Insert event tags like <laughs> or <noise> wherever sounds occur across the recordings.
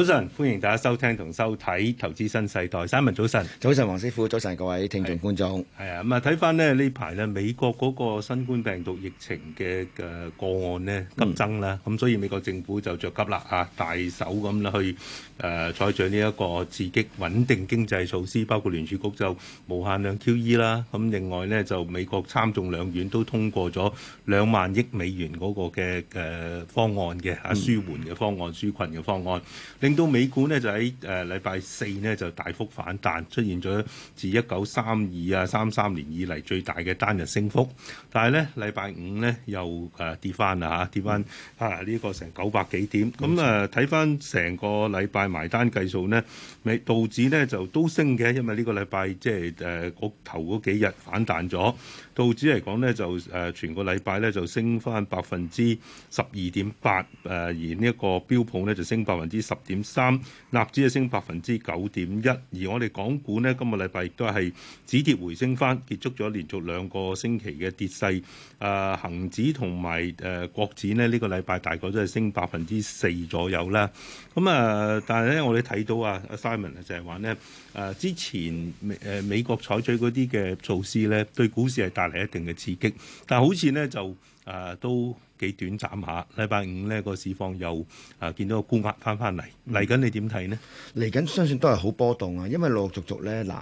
早晨，歡迎大家收聽同收睇《投資新世代》。三文早晨，早晨，黃師傅，早晨各位聽眾觀眾。係啊，咁啊睇翻咧呢排呢，美國嗰個新冠病毒疫情嘅嘅個案呢，急增啦，咁、嗯、所以美國政府就着急啦啊，大手咁去誒、呃、採取呢一個刺激穩定經濟措施，包括聯儲局就無限量 QE 啦、啊。咁另外呢，就美國參眾兩院都通過咗兩萬億美元嗰個嘅誒、呃、方案嘅啊舒緩嘅方案、舒困嘅方案。嗯到美股呢，就喺誒禮拜四呢，就大幅反彈，出現咗自一九三二啊三三年以嚟最大嘅單日升幅。但係呢，禮拜五呢，又誒跌翻啦嚇，跌翻啊呢個成九百幾點。咁啊睇翻成個禮拜埋單計數呢，美道指呢，就都升嘅，因為呢個禮拜即係誒嗰頭嗰幾日反彈咗。道指嚟講呢，就誒、呃、全個禮拜呢，就升翻百分之十二點八，誒、呃、而呢一個標普呢，就升百分之十點三，納指就升百分之九點一，而我哋港股呢，今個禮拜亦都係止跌回升翻，結束咗連續兩個星期嘅跌勢。誒、呃、恆指同埋誒國指呢，呢、這個禮拜大概都係升百分之四左右啦。咁、呃、啊，但係咧我哋睇到啊，Simon 就係話呢，誒、呃、之前美誒、呃、美國採取嗰啲嘅措施呢，對股市係大。嚟一定嘅刺激，但係好似咧就誒、呃、都。幾短暫下，禮拜五呢個市況又啊見到個官方翻翻嚟嚟緊，你點睇呢？嚟緊相信都係好波動啊！因為陸陸續續咧嗱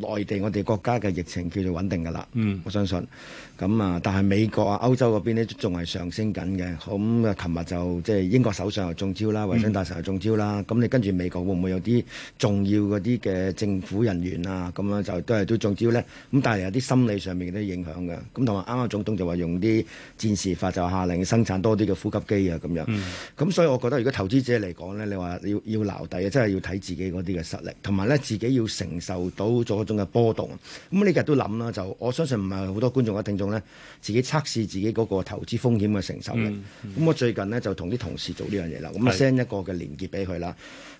誒，內地我哋國家嘅疫情叫做穩定㗎啦，嗯、我相信咁啊、嗯。但係美國啊、歐洲嗰邊咧仲係上升緊嘅。咁、嗯、啊，琴、嗯、日就即係、就是、英國首相又中招啦，衛生大臣又中招啦。咁你跟住美國會唔會有啲重要嗰啲嘅政府人員啊咁樣、嗯、就都係都，都中招咧？咁但係有啲心理上面嘅影響㗎。咁同埋啱啱總統就話用啲戰時法就下令。生產多啲嘅呼吸機啊，咁樣，咁、嗯、所以我覺得如果投資者嚟講呢，你話要要撈底啊，真係要睇自己嗰啲嘅實力，同埋呢自己要承受到咗嗰種嘅波動。咁啊，你今日都諗啦，就我相信唔係好多觀眾或者聽眾咧，自己測試自己嗰個投資風險嘅承受力。咁、嗯嗯、我最近呢，就同啲同事做呢樣嘢啦，咁啊 send 一個嘅連結俾佢啦。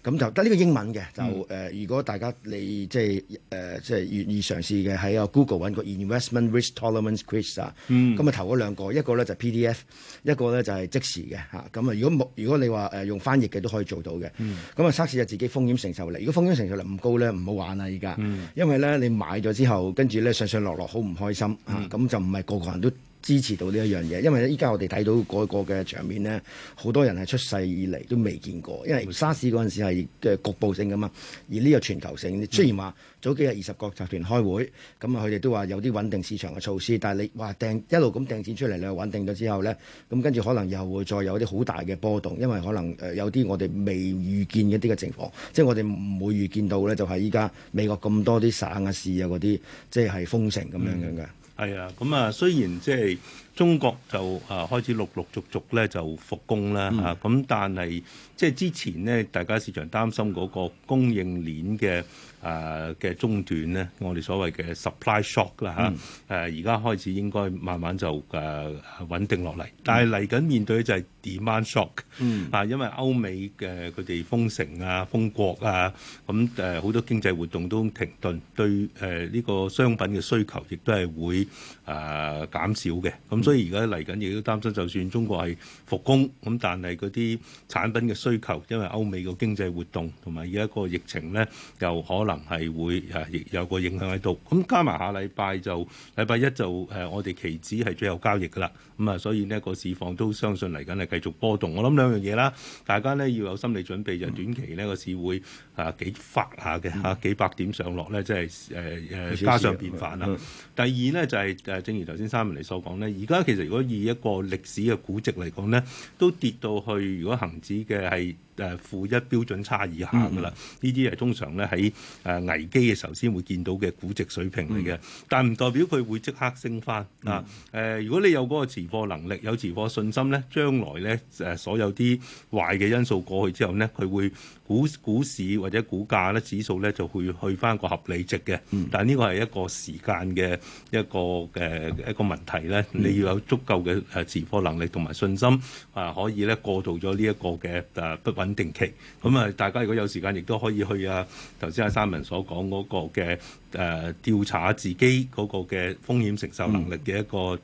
咁就得呢個英文嘅，就誒，如果大家你即係誒即係願意嘗試嘅，喺個 Google 揾個 Investment Risk Tolerance Quiz 啊，咁啊、嗯、投嗰兩個，一個咧就 PDF，一個咧就係即時嘅嚇。咁啊，如果冇，如果你話誒用翻譯嘅都可以做到嘅，咁啊，測試下自己風險承受力。如果風險承受力唔高咧，唔好玩啦依家，嗯、因為咧你買咗之後，跟住咧上上落落好唔開心嚇，咁、嗯嗯、就唔係個個人都，支持到呢一樣嘢，因為咧依家我哋睇到嗰個嘅場面呢，好多人係出世以嚟都未見過，因為沙士嗰陣時係即係局部性噶嘛，而呢個全球性，雖然話早幾日二十國集團開會，咁啊佢哋都話有啲穩定市場嘅措施，但係你話掟一路咁掟錢出嚟，你穩定咗之後呢，咁跟住可能又會再有啲好大嘅波動，因為可能誒有啲我哋未預見一啲嘅情況，即係我哋唔會預見到呢，就係依家美國咁多啲省啊市啊嗰啲，即係封城咁樣樣嘅。係啊，咁啊，雖然即係中國就啊開始陸陸續續咧就復工啦嚇，咁、嗯啊、但係即係之前呢，大家市場擔心嗰個供應鏈嘅啊嘅中斷咧，我哋所謂嘅 supply shock 啦、啊、嚇，誒而家開始應該慢慢就誒、啊、穩定落嚟，但係嚟緊面對就係 demand shock、嗯、啊，因為歐美嘅佢哋封城啊、封國啊，咁誒好多經濟活動都停頓，對誒呢、呃呢個商品嘅需求亦都係會誒、呃、減少嘅，咁所以而家嚟緊亦都擔心，就算中國係復工，咁但係嗰啲產品嘅需求，因為歐美個經濟活動同埋而家個疫情咧，又可能係會誒亦有個影響喺度。咁加埋下禮拜就禮拜一就誒、呃，我哋期指係最後交易㗎喇。咁啊、嗯，所以呢個市況都相信嚟緊係繼續波動。我諗兩樣嘢啦，大家呢要有心理準備，就係、短期呢個市會啊幾發下嘅嚇，幾百點上落咧，即係誒誒家常便飯啦、嗯嗯嗯嗯嗯嗯。第二呢，就係誒，正如頭先三文你所講呢，而家其實如果以一個歷史嘅估值嚟講呢，都跌到去，如果恒指嘅係。誒負一標準差以下噶啦，呢啲係通常咧喺誒危機嘅時候先會見到嘅估值水平嚟嘅，但唔代表佢會即刻升翻啊！誒、呃，如果你有嗰個持貨能力，有持貨信心咧，將來咧誒所有啲壞嘅因素過去之後呢，佢會股股市或者股價咧指數咧就會去翻個合理值嘅。但呢個係一個時間嘅一個誒一個問題咧，你要有足夠嘅誒持貨能力同埋信心啊，可以咧過渡咗呢一個嘅誒不穩定期咁啊！嗯嗯、大家如果有時間，亦都可以去啊。頭先阿三文所講嗰個嘅誒，調、呃、查自己嗰個嘅風險承受能力嘅一個誒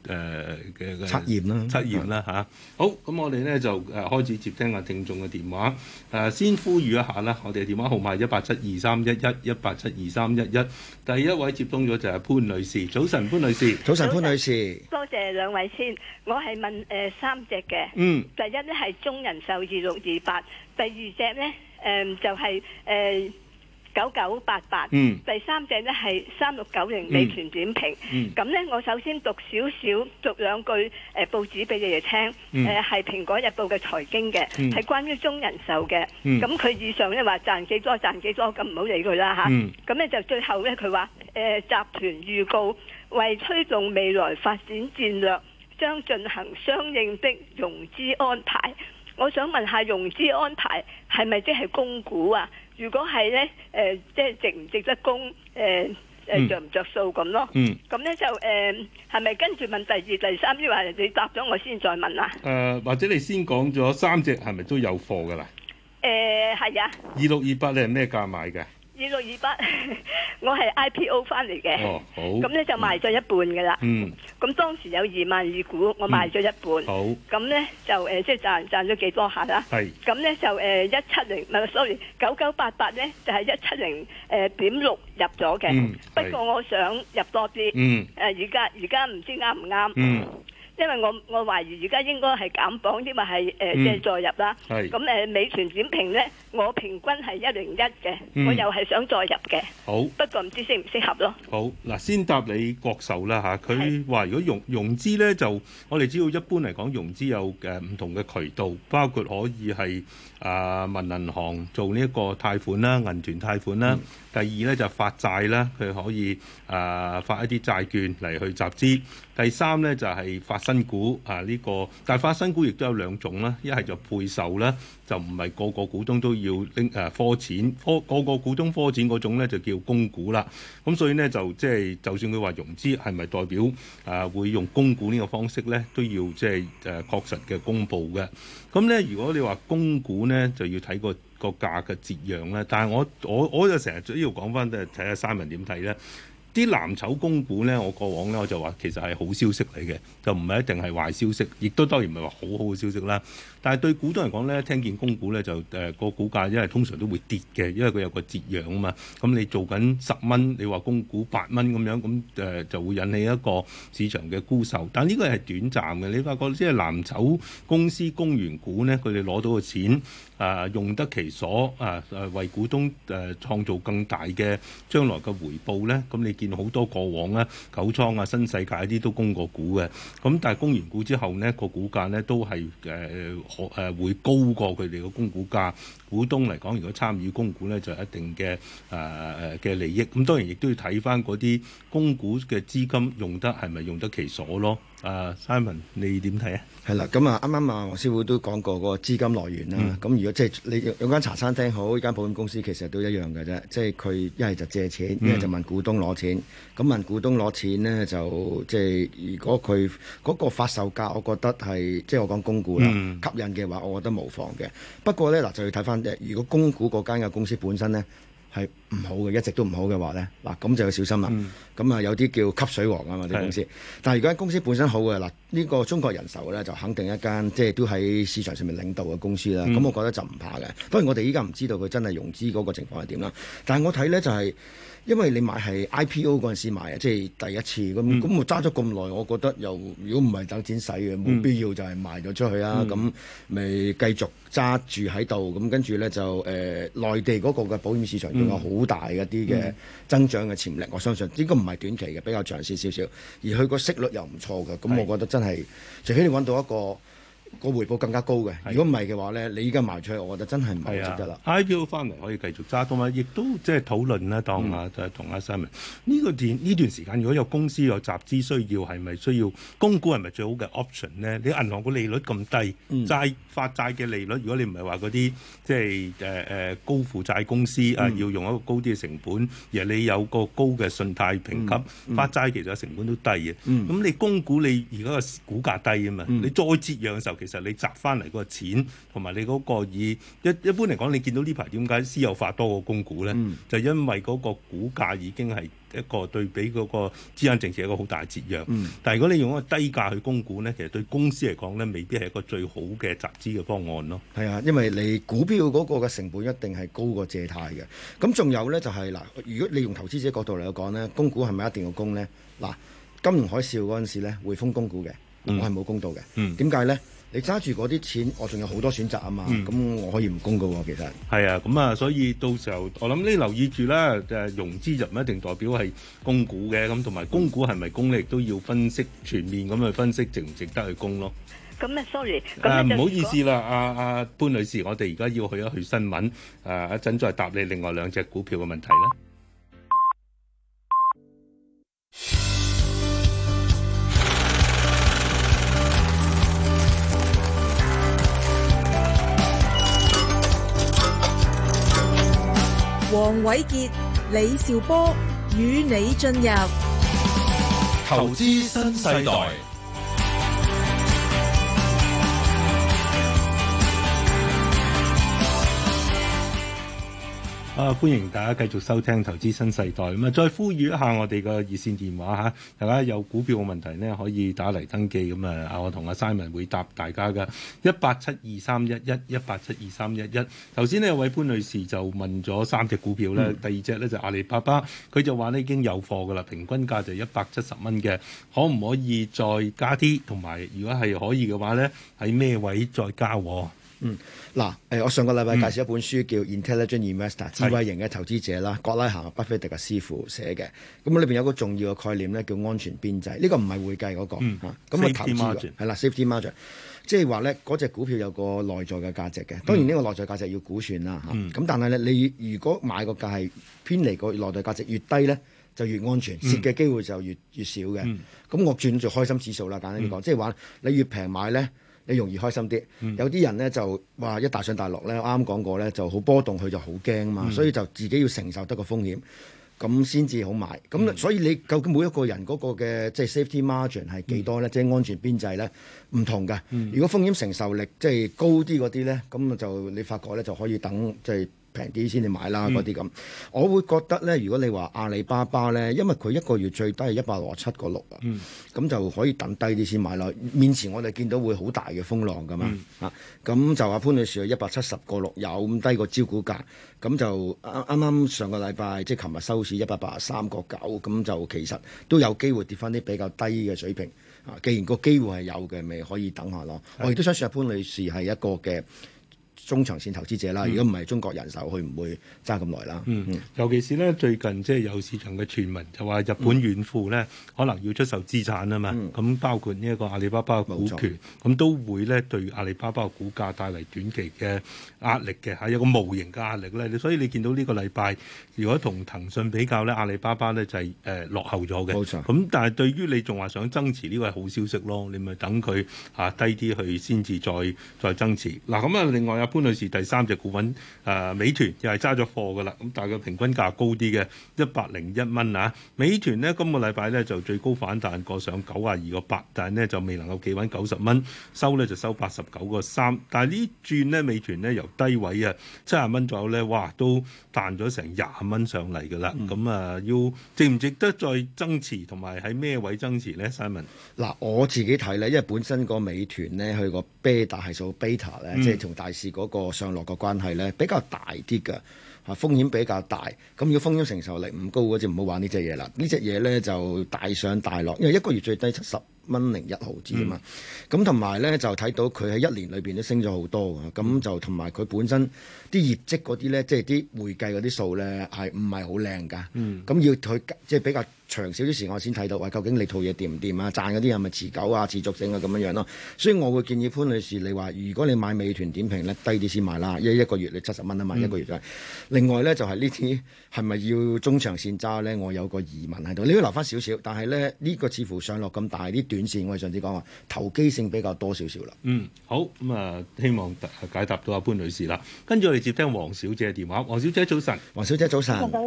嘅測驗啦，測驗啦吓。好，咁我哋呢就誒開始接聽下聽眾嘅電話。誒、啊，先呼籲一下啦，我哋嘅電話號碼係一八七二三一一一八七二三一一。第一位接通咗就係潘女士，早晨潘女士，早晨安潘女士，多謝兩位先。我係問誒、呃、三隻嘅，嗯，第一呢係中人壽二六二八。第二隻呢，誒、嗯、就係誒九九八八，呃88，嗯、第三隻呢，係三六九零美團點評。咁、嗯、呢，我首先讀少少，讀兩句誒、呃、報紙俾你哋聽。誒係、嗯《呃、蘋果日報》嘅財經嘅，係、嗯、關於中人壽嘅。咁佢、嗯嗯、以上呢話賺幾多賺幾多，咁唔好理佢啦嚇。咁、啊、咧、嗯、就最後呢，佢話誒集團預告為推動未來發展戰，戰略，將進行相應的融資安排。我想問下融資安排係咪即係供股啊？如果係呢，誒、呃、即係值唔值得供？誒、呃、誒着唔着數咁咯。嗯？嗯，咁呢就誒係咪跟住問第二、第三？即係話你答咗我先再問啊？誒、呃，或者你先講咗三隻係咪都有貨㗎啦？誒係啊。二六二八你係咩價買㗎？二六二八，26, 28, <laughs> 我係 IPO 翻嚟嘅，咁呢、哦嗯、就賣咗一半噶啦。咁、嗯、當時有二萬二股，我賣咗一半。咁呢、嗯、就誒，即係賺賺咗幾多下啦。咁是、呃、呢就誒、是，一七零，唔係，sorry，九九八八呢就係一七零誒點六入咗嘅。不過我想入多啲。誒、嗯，而家而家唔知啱唔啱？嗯因為我我懷疑而家應該係減磅，因為係誒即係再入啦。咁誒美團點評咧，我平均係一零一嘅，我又係想再入嘅。好，不過唔知適唔適合咯。好，嗱先答你國壽啦嚇，佢話如果融融資咧，就我哋知道一般嚟講融資有誒唔同嘅渠道，包括可以係啊問銀行做呢一個貸款啦、銀團貸款啦。第二咧就發債啦，佢可以啊發一啲債券嚟去集資。第三咧就係發新股啊！呢、這個但係發新股亦都有兩種啦，一係就配售啦，就唔係個個股東都要拎誒、啊、科錢，科個個股東科錢嗰種咧就叫供股啦。咁所以呢，就即係、就是、就算佢話融資係咪代表誒、啊、會用供股呢個方式咧，都要即係誒確實嘅公佈嘅。咁咧如果你話供股呢，就要睇個個價嘅折讓啦。但係我我我，我就成日主要講翻都係睇下 Simon 點睇啦。啲藍籌供股咧，我過往咧，我就話其實係好消息嚟嘅，就唔係一定係壞消息，亦都當然唔係話好好嘅消息啦。但係對股東嚟講咧，聽見供股咧就誒個、呃、股價，因為通常都會跌嘅，因為佢有個折讓啊嘛。咁你做緊十蚊，你話供股八蚊咁樣，咁誒、呃、就會引起一個市場嘅沽售。但呢個係短暫嘅，你發覺即係藍籌公司供完股呢，佢哋攞到嘅錢啊、呃、用得其所啊，誒、呃、為股東誒創、呃、造更大嘅將來嘅回報咧。咁、呃、你見好多過往咧，九倉啊、新世界啲都供過股嘅。咁但係供完股之後呢，這個股價呢都係誒，呃呃呃呃呃呃誒會高過佢哋個供股價，股東嚟講，如果參與供股咧，就係一定嘅誒誒嘅利益。咁當然亦都要睇翻嗰啲供股嘅資金用得係咪用得其所咯。啊、呃，Simon，你點睇啊？係啦，咁啊，啱啱啊，黃師傅都講過嗰個資金來源啦。咁、嗯、如果即係你有間茶餐廳好，呢間保險公司其實都一樣嘅啫。即係佢一係就借錢，一係、嗯、就問股東攞錢。咁問股東攞錢呢，就即係如果佢嗰、個發售價，我覺得係即係我講公股啦，嗯、吸引嘅話，我覺得無妨嘅。不過呢，嗱就要睇返，如果公股嗰間嘅公司本身呢。係唔好嘅，一直都唔好嘅話呢，嗱咁就要小心啦。咁啊、嗯、有啲叫吸水王啊嘛啲公司，是的 但係如果間公司本身好嘅嗱，呢、呢個中國人壽呢，就肯定一間即係都喺市場上面領導嘅公司啦。咁、嗯、我覺得就唔怕嘅。當然我哋依家唔知道佢真係融資嗰個情況係點啦，但係我睇呢就係、是。因為你買係 IPO 嗰陣時買啊，即係第一次咁，咁、嗯、我揸咗咁耐，我覺得又如果唔係等錢使嘅，冇、嗯、必要就係賣咗出去啦。咁咪、嗯、繼續揸住喺度。咁跟住咧就誒內、呃、地嗰個嘅保險市場仲有好大一啲嘅增長嘅潛力，嗯、我相信應該唔係短期嘅，比較長線少少。而佢個息率又唔錯嘅，咁我覺得真係是除非你揾到一個。個回報更加高嘅。如果唔係嘅話咧，你依家賣出去，我覺得真係唔值得啦。IPO 翻嚟可以繼續揸，同埋亦都即係討論啦。當下就係同阿 Sam 呢個段呢段時間，如果有公司有集資需要，係咪需要供股係咪最好嘅 option 咧？你銀行個利率咁低，債發債嘅利率，如果你唔係話嗰啲即係誒誒高負債公司啊，要用一個高啲嘅成本，而你有個高嘅信貸評級，發債其實成本都低嘅。咁、嗯嗯、你供股你而家個股價低啊嘛，你再折讓嘅時候。其實你集翻嚟嗰個錢，同埋你嗰個以一一般嚟講，你見到呢排點解私有化多過供股呢？嗯、就因為嗰個股價已經係一個對比嗰個資產淨值一個好大嘅節約。嗯、但係如果你用一個低價去供股呢，其實對公司嚟講呢，未必係一個最好嘅集資嘅方案咯。係啊，因為你股票嗰個嘅成本一定係高過借貸嘅。咁仲有呢，就係、是、嗱，如果你用投資者角度嚟講呢，供股係咪一定要供呢？嗱，金融海嘯嗰陣時咧，匯豐供股嘅，我係冇供到嘅。點解、嗯嗯、呢？你揸住嗰啲錢，我仲有好多選擇啊嘛，咁、嗯、我可以唔供嘅喎，其實。係啊，咁啊，所以到時候我諗你留意住啦，誒融資就唔一定代表係供股嘅，咁同埋供股係咪供咧都要分析全面咁去分析值唔值得去供咯。咁、嗯嗯、啊，sorry，啊唔好意思啦，阿、啊、阿潘女士，我哋而家要去一去新聞，誒一陣再答你另外兩隻股票嘅問題啦。王偉杰、李兆波與你進入投資新世代。啊！歡迎大家繼續收聽投資新世代，咁啊！再呼籲一下我哋個熱線電話嚇，大家有股票嘅問題咧，可以打嚟登記。咁啊！我同阿 Simon 會答大家噶，一八七二三一一一八七二三一一。頭先咧，有位潘女士就問咗三隻股票咧，嗯、第二隻咧就阿里巴巴，佢就話咧已經有貨噶啦，平均價就一百七十蚊嘅，可唔可以再加啲？同埋如果係可以嘅話咧，喺咩位再加？嗯，嗱，誒，我上個禮拜介紹一本書、嗯、叫《Intelligent Investor》，智慧型嘅投資者啦，葛是拉罕啊、巴菲特嘅師傅寫嘅。咁裏邊有個重要嘅概念咧，叫安全邊際，呢、這個唔係會計嗰、那個嚇。咁、嗯、啊，係、那、啦、個嗯、，Safety Margin，即係話咧，嗰、那、隻、個、股票有個內在嘅價值嘅。當然呢個內在價值要估算啦嚇。咁、啊嗯、但係咧，你如果買個價係偏離個內在價值越低咧，就越安全，蝕嘅機會就越越少嘅。咁、嗯嗯、我轉做開心指數啦，簡單啲講，即係話你越平買咧。你容易開心啲，嗯、有啲人咧就話一大上大落咧，啱啱講過咧就好波動，佢就好驚嘛，嗯、所以就自己要承受得個風險，咁先至好買。咁、嗯、所以你究竟每一個人嗰個嘅即係、就是、safety margin 係幾多咧？即係、嗯、安全邊際咧，唔同㗎。嗯、如果風險承受力即係、就是、高啲嗰啲咧，咁就你發覺咧就可以等即係。就是平啲先至買啦，嗰啲咁，嗯、我會覺得呢，如果你話阿里巴巴呢，因為佢一個月最低係一百六十七個六啊，咁就可以等低啲先買咯。面前我哋見到會好大嘅風浪㗎嘛，嗯、啊，咁就話潘女士一百七十個六有咁低個招股價，咁就啱啱、啊、上個禮拜即係琴日收市一百八十三個九，咁就其實都有機會跌翻啲比較低嘅水平啊。既然個機會係有嘅，咪可以等下咯。的我亦都想説阿潘女士係一個嘅。中長線投資者啦，如果唔係中國人手，佢唔會揸咁耐啦。嗯， <noise> 尤其是咧最近即係有市場嘅傳聞，就話日本軟庫咧可能要出售資產啊嘛。咁、嗯、包括呢一個阿里巴巴嘅股權，咁錯都會咧對阿里巴巴嘅股價帶嚟短期嘅壓力嘅，嚇有個無形嘅壓力咧。你所以你見到呢個禮拜，如果同騰訊比較咧，阿里巴巴咧就係誒落後咗嘅。冇錯。咁但係對於你仲話想增持呢個係好消息咯，你咪等佢嚇低啲去先至再再增持。嗱咁啊，另外有。潘女士第三隻股份，誒、呃、美團又係揸咗貨噶啦，咁大概平均價高啲嘅一百零一蚊啊！美團呢，今個禮拜呢就最高反彈過上九啊二個八，但係呢就未能夠企穩九十蚊，收呢就收八十九個三。但係呢轉呢，美團呢由低位啊七十蚊左右呢，哇都彈咗成廿蚊上嚟㗎啦！咁、嗯、啊，要值唔值得再增持同埋喺咩位增持呢、Simon? s i m o n 嗱我自己睇呢，因為本身個美團呢，佢個 beta 係數 beta 咧，即係同大市個。嗰個上落個關係咧比較大啲嘅，啊風險比較大，咁如果風險承受力唔高嗰隻唔好玩呢隻嘢啦。呢隻嘢咧就大上大落，因為一個月最低七十蚊零一毫子啊嘛。咁同埋咧就睇到佢喺一年裏邊都升咗好多嘅，咁就同埋佢本身啲業績嗰啲咧，即係啲會計嗰啲數咧係唔係好靚噶？咁、嗯、要佢即係比較。長少啲時間，我先睇到，喂，究竟你套嘢掂唔掂啊？賺嗰啲係咪持久啊、持續性啊咁樣樣、啊、咯？所以我會建議潘女士，你話如果你買美團點評咧，低啲先買啦。因為一一個月你七十蚊啊嘛，嗯、一個月就係。另外咧就係呢啲係咪要中長線揸咧？我有個疑問喺度，你要留翻少少。但係咧呢、呢個似乎上落咁大啲，短線我哋上次講話投機性比較多少少啦。嗯，好咁啊、嗯，希望解答到阿潘女士啦。跟住我哋接聽黃小姐嘅電話。黃小姐早晨。黃小姐早晨。聽到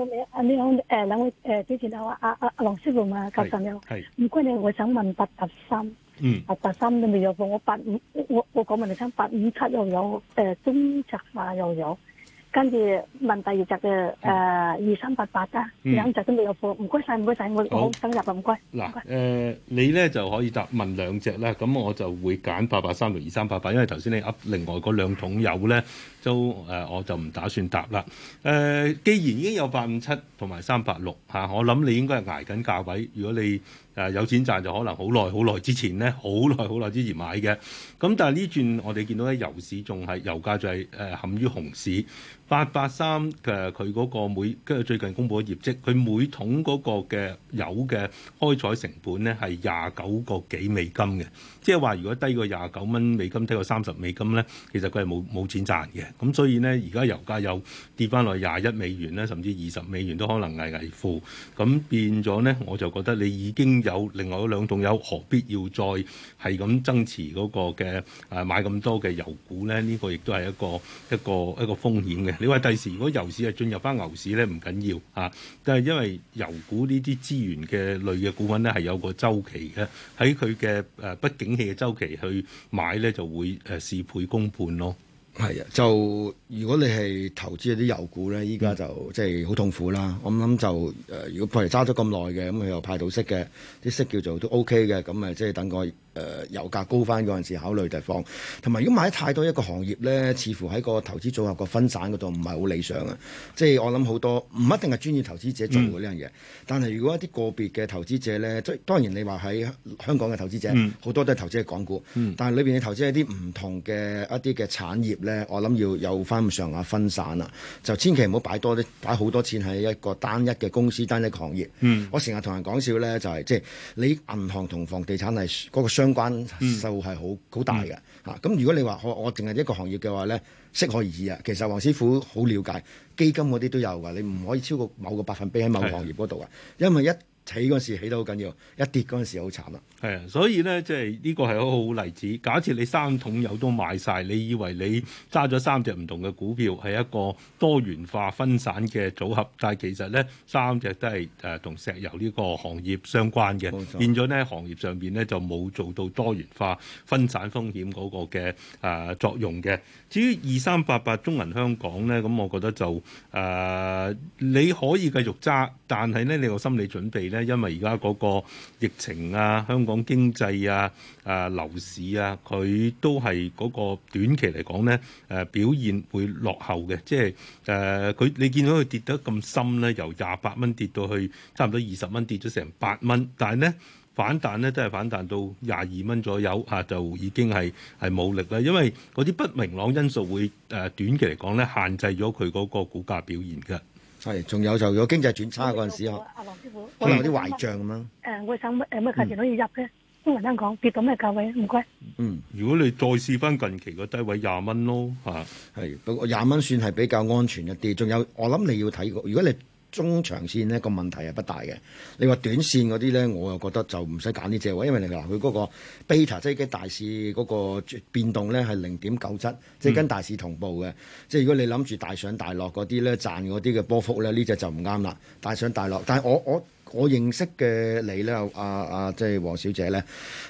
你好，誒兩位誒主持人，我阿阿。阿龍、啊、師傅嘛，教晒你。唔該你，我想問八八三,、嗯、八八三，八八三都未有貨？我八五，我我講問你聽，八五七又有誒、呃，中值化又有，跟住問第二隻嘅誒二三八八啊，嗯、兩隻都未有貨。唔該晒，唔該晒，我好我等入唔該。嗱誒喏、呃，你咧就可以答問兩隻咧，咁我就會揀八八三同二三八八，因為頭先你押另外嗰兩桶油咧。都誒、呃，我就唔打算答啦。誒、呃，既然已經有八五七同埋三八六嚇，我諗你應該係挨緊價位。如果你誒、呃、有錢賺，就可能好耐好耐之前咧，好耐好耐之前買嘅。咁、嗯、但係呢轉，我哋見到咧，油市仲係油價仲係誒陷於熊市。八八三嘅佢嗰個每，跟住最近公布嘅業績，佢每桶嗰個嘅油嘅開採成本咧係廿九個幾美金嘅。即係話，如果低過廿九蚊美金，低過三十美金咧，其實佢係冇冇錢賺嘅。咁所以咧，而家油價又跌翻落廿一美元咧，甚至二十美元都可能危危乎。咁變咗咧，我就覺得你已經有另外兩桶油，何必要再係咁增持嗰個嘅誒買咁多嘅油股咧？呢個亦都係一個一個一個風險嘅。你話第時如果油市係進入翻牛市咧，唔緊要嚇，但係因為油股呢啲資源嘅類嘅股份咧係有個周期嘅，喺佢嘅誒畢竟。啊嘅週期去買咧就會誒事倍功半咯。係啊，就如果你係投資啲油股咧，依家就即係好痛苦啦。我諗就誒，呃、如果譬如揸咗咁耐嘅，咁佢又派到息嘅，啲息叫做都 OK 嘅，咁咪即係等個。誒、呃、油價高翻嗰陣時考慮地方，同埋如果買太多一個行業呢，似乎喺個投資組合個分散嗰度唔係好理想啊！即、就、係、是、我諗好多唔一定係專業投資者做嘅呢樣嘢，嗯、但係如果一啲個別嘅投資者呢，即係當然你話喺香港嘅投資者好、嗯、多都係投資喺港股，嗯、但係裏邊你投資一啲唔同嘅一啲嘅產業呢，我諗要有翻咁上下分散啊，就千祈唔好擺多啲，擺好多錢喺一個單一嘅公司、單一行業。嗯、我成日同人講笑呢，就係即係你銀行同房地產係嗰個商關數係好好大嘅嚇，咁、嗯啊、如果你話我我淨係一個行業嘅話咧，適可而止啊。其實黃師傅好了解基金嗰啲都有啊，你唔可以超過某個百分比喺某個行業嗰度啊，是的 因為一起嗰時起得好緊要，一跌嗰時好慘啊。係啊，所以咧，即係呢個係一個好例子。假設你三桶油都買晒，你以為你揸咗三隻唔同嘅股票係一個多元化分散嘅組合，但係其實咧，三隻都係誒同石油呢個行業相關嘅，變咗呢，行業上邊呢，就冇做到多元化分散風險嗰個嘅誒、呃、作用嘅。至於二三八八中銀香港呢，咁我覺得就誒、呃、你可以繼續揸，但係呢，你有心理準備呢，因為而家嗰個疫情啊，香。講經濟啊，啊樓市啊，佢都係嗰個短期嚟講咧，誒、呃、表現會落後嘅，即係誒佢你見到佢跌得咁深咧，由廿八蚊跌到去差唔多二十蚊，跌咗成八蚊，但係咧反彈咧都係反彈到廿二蚊左右啊，就已經係係冇力啦，因為嗰啲不明朗因素會誒、呃、短期嚟講咧限制咗佢嗰個股價表現㗎。係，仲有就如果經濟轉差嗰陣時候，啊、師傅可能有啲壞賬咁啦。誒，我想乜乜價錢可以入嘅？聽人聽講跌到咩價位？唔該。嗯，嗯如果你再試翻近期個低位廿蚊咯，嚇是。係的，不過廿蚊算係比較安全一啲。仲有，我諗你要睇個，如果你。中長線呢個問題係不大嘅，你話短線嗰啲咧，我又覺得就唔使揀呢隻位，因為你話佢嗰個 beta 即係跟大市嗰個變動咧係零點九七，即係跟大市同步嘅。即係如果你諗住大上大落嗰啲咧賺嗰啲嘅波幅咧，呢隻就唔啱啦。大上大落，但係我我。我。我認識嘅你咧，阿、啊、阿、啊、即係黃小姐咧，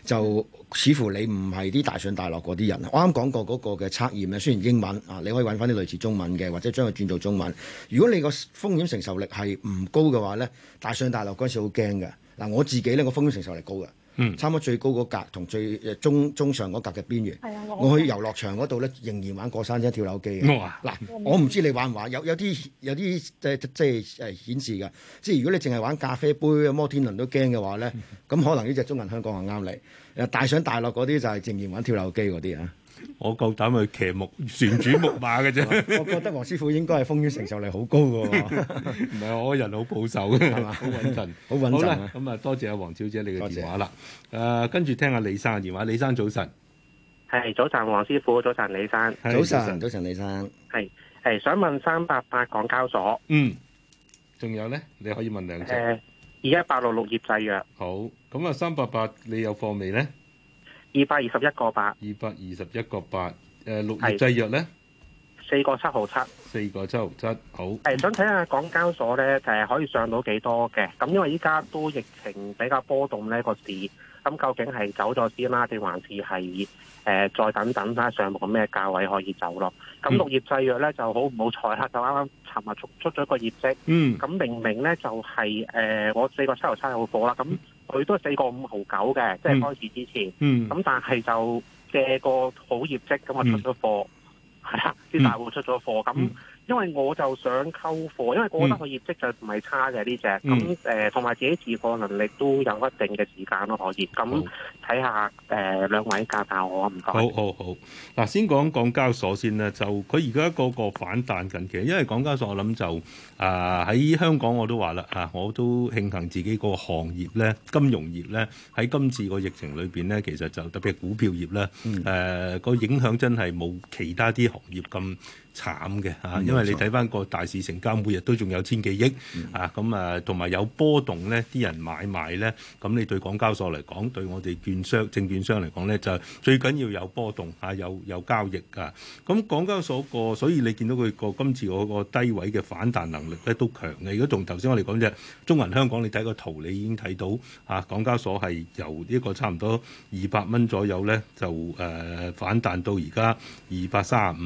就似乎你唔係啲大上大落嗰啲人。我啱講過嗰個嘅測驗咧，雖然英文啊，你可以揾翻啲類似中文嘅，或者將佢轉做中文。如果你個風險承受力係唔高嘅話咧，大上大落嗰時好驚嘅。嗱，我自己咧，我風險承受力高嘅。嗯，差唔多最高嗰格同最誒中中上嗰格嘅邊緣，哎、我去遊樂場嗰度咧，仍然玩過山車、跳樓機啊！嗱，我唔知你玩唔玩，有有啲有啲誒即係誒顯示嘅，即係、就是、如果你淨係玩咖啡杯、摩天輪都驚嘅話咧，咁可能呢隻中銀香港係啱你，誒大上大落嗰啲就係仍然玩跳樓機嗰啲啊。我夠膽去騎木旋轉木馬嘅啫。我覺得黃師傅應該係風險承受力好高嘅，唔係我人好保守嘅，係嘛？好穩陣，好穩陣啊！咁啊，多謝阿黃小姐你嘅電話啦。誒，跟住聽下李生嘅電話。李生早晨，係早晨，黃師傅，早晨，李生，早晨，早晨，李生，係係，想問三八八港交所，嗯，仲有咧，你可以問兩隻。誒，而家八六六葉製藥，好，咁啊，三八八你有貨未咧？二百二十一個八，二百二十一個八，誒，六葉製藥咧四個七號七，四個七號七，好。誒，想睇下港交所咧，就係可以上到幾多嘅？咁因為依家都疫情比較波動呢個市，咁究竟係走咗先啦，定還是係誒再等等睇下上到咩價位可以走咯？咁六葉製藥咧就好冇彩客，就啱啱尋日出出咗個業績，嗯，咁明明咧就係誒我四個七號七好火啦，咁。佢都四個五毫九嘅，即係開始之前，咁但係就借個好業績，咁啊出咗貨，係、嗯、啦，啲大戶出咗貨咁。嗯嗯嗯嗯因為我就想溝貨，因為我覺得佢業績就唔係差嘅呢隻，咁誒同埋自己自貨能力都有一定嘅時間咯，可以咁睇下誒好、呃、兩位教教我唔該。好好好，嗱先講港交所先啦，就佢而家個個反彈緊嘅，因為港交所我諗就啊喺、呃、香港我都話啦啊，我都慶幸自己個行業咧金融業咧喺今次個疫情裏邊咧，其實就特別係股票業咧誒個影響真係冇其他啲行業咁。慘嘅嚇，嗯、因為你睇翻個大市成交每日都仲有千幾億、嗯、啊，咁誒同埋有波動咧，啲人買賣咧，咁你對港交所嚟講，對我哋券商證券商嚟講咧，就最緊要有波動嚇、啊，有有交易㗎。咁港交所個，所以你見到佢個今次嗰個低位嘅反彈能力咧都強嘅。如果同頭先我哋講嘅中銀香港，你睇個圖，你已經睇到嚇、啊、港交所係由呢個差唔多二百蚊左右咧，就誒、呃、反彈到而家二百三十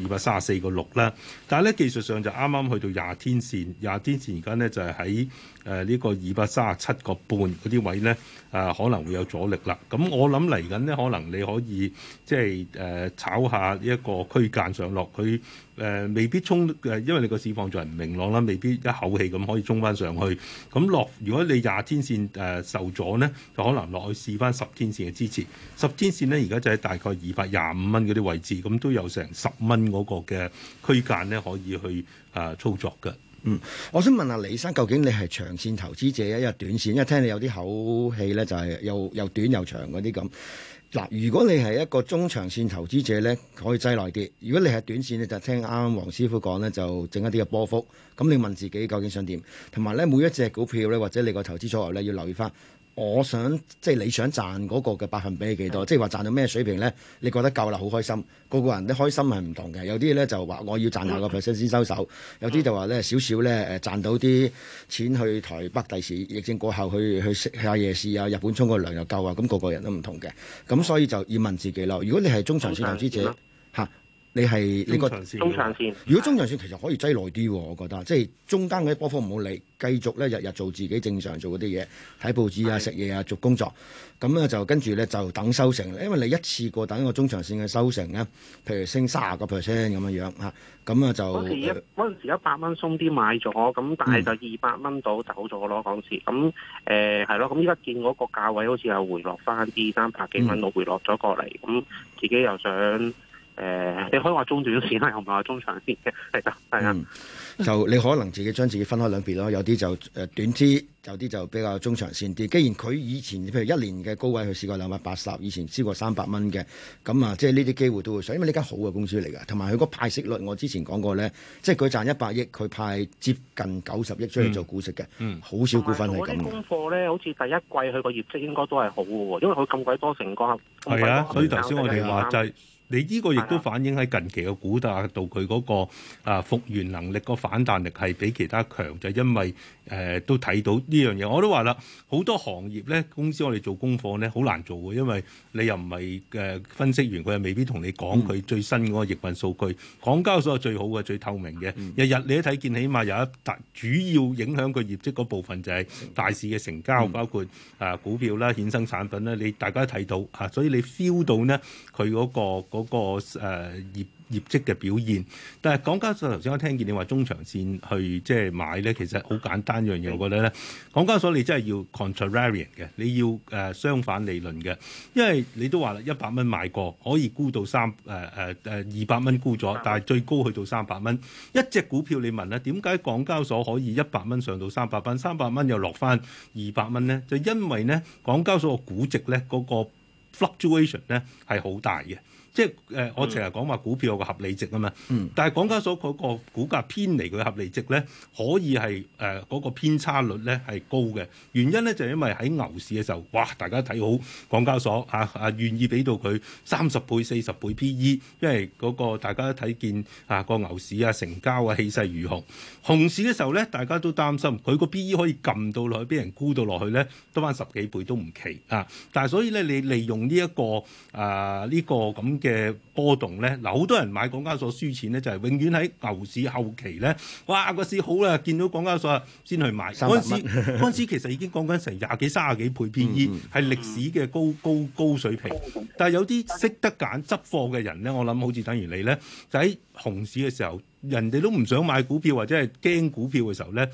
五、二百三。四個六啦，6，但係咧，技術上就啱啱去到廿天線，廿天線而家咧就係喺誒呢個二百三十七個半嗰啲位咧啊，可能會有阻力啦。咁我諗嚟緊咧，可能你可以即係誒炒下呢一個區間上落佢。誒、呃、未必衝誒、呃，因為你個市況就係唔明朗啦，未必一口氣咁可以衝翻上去。咁、嗯、落，如果你廿天線誒、呃、受阻呢，就可能落去試翻十天線嘅支持。十天線呢，而家就喺大概二百廿五蚊嗰啲位置，咁、嗯、都有成十蚊嗰個嘅區間呢可以去啊、呃、操作㗎。嗯，我想問下李生，究竟你係長線投資者，一係短線？一聽你有啲口氣咧，就係、是、又又短又長嗰啲咁。嗱，如果你係一個中長線投資者呢，可以擠耐啲；如果你係短線咧，就聽啱啱黃師傅講呢，就整一啲嘅波幅。咁你問自己究竟想點？同埋呢，每一隻股票呢，或者你個投資組合呢，要留意翻。我想即係你想賺嗰個嘅百分比係幾多？即係話賺到咩水平呢？你覺得夠啦，好開心。個個人都開心係唔同嘅，有啲呢就話我要賺下個 percent 先收手，的有啲就話呢少少呢誒賺到啲錢去台北，第時疫症過後去去食下夜市啊，日本沖個涼又夠啊，咁個個人都唔同嘅。咁的所以就要問自己咯。如果你係中長線投資者。Okay. 你係長你個中長線，如果中長線是的 其實可以揸耐啲喎，我覺得，即係中間嗰啲波幅唔好理，繼續咧日日做自己正常做嗰啲嘢，睇報紙啊、食嘢啊、做工作，咁咧是的 就跟住咧就等收成，因為你一次過等一個中長線嘅收成咧，譬如升三十個 percent 咁樣樣啊，咁啊就好似一嗰、嗯、陣時一百蚊鬆啲買咗，咁但係就二百蚊、呃、到走咗咯，嗰時咁誒係咯，咁依家見嗰個價位好似又回落翻啲，二三百幾蚊度回落咗過嚟，咁、嗯嗯、自己又想。誒，你可以話中短線啦，又唔係話中長線嘅，係啦，係啊。就你可能自己將自己分開兩邊咯，有啲就誒短啲，有啲就比較中長線啲。既然佢以前譬如一年嘅高位，佢試過兩百八十，以前超過三百蚊嘅，咁、嗯、啊，即係呢啲機會都會上，因為呢間好嘅公司嚟噶，同埋佢個派息率，我之前講過咧，即係佢賺一百億，佢派接近九十億出去做股息嘅，好、嗯嗯、少股份係咁。我啲功課咧，好似第一季佢個業績應該都係好喎，因為佢咁鬼多成個係啊。嗯、所以頭先我哋話就係、嗯。嗯嗯你呢個亦都反映喺近期嘅股價度，佢嗰個啊復原能力、個反彈力係比其他強，就係、因為誒、呃、都睇到呢樣嘢。我都話啦，好多行業咧，公司我哋做功課咧，好難做嘅，因為你又唔係誒分析員，佢又未必同你講佢最新嗰個營運數據。港交所係最好嘅、最透明嘅，日日你都睇見，起碼有一大主要影響佢業績嗰部分就係大市嘅成交，包括啊股票啦、啊、衍生產品啦、啊，你大家都睇到嚇、啊，所以你 feel 到呢佢嗰、嗰個。嗰、那個誒、呃、業業績嘅表現，但係港交所頭先我聽見你話中長線去即係買咧，其實好簡單一樣嘢，我覺得咧，港交所你真係要 contrarian 嘅，你要誒、呃、相反理論嘅，因為你都話啦，一百蚊買過可以沽到三誒誒誒二百蚊沽咗，但係最高去到三百蚊。一隻股票你問咧，點解港交所可以一百蚊上到三百蚊，三百蚊又落翻二百蚊咧？就因為咧，港交所個估值咧嗰、那個 fluctuation 咧係好大嘅。即係誒，我成日講話股票有個合理值啊嘛，嗯、但係港交所嗰個股價偏離佢合理值咧，可以係誒嗰個偏差率咧係高嘅。原因咧就係因為喺牛市嘅時候，哇！大家睇好港交所啊啊，願意俾到佢三十倍、四十倍 P E，因為嗰個大家都睇見啊個牛市啊成交啊氣勢如虹。熊市嘅時候咧，大家都擔心佢個 P E 可以撳到落去，俾人沽到落去咧，得返十幾倍都唔奇啊！但係所以咧，你利用呢一個啊呢個咁嘅波動咧，嗱，好多人買港交所輸錢咧，就係、是、永遠喺牛市後期咧，哇，個市好啦、啊，見到港交所先去買。嗰陣十 <laughs> 時嗰其實已經講緊成廿幾三十幾倍 PE，係、嗯、歷史嘅高高高水平。但係有啲識得揀執貨嘅人咧，我諗好似等於你咧，就喺熊市嘅時候，人哋都唔想買股票或者係驚股票嘅時候咧，誒、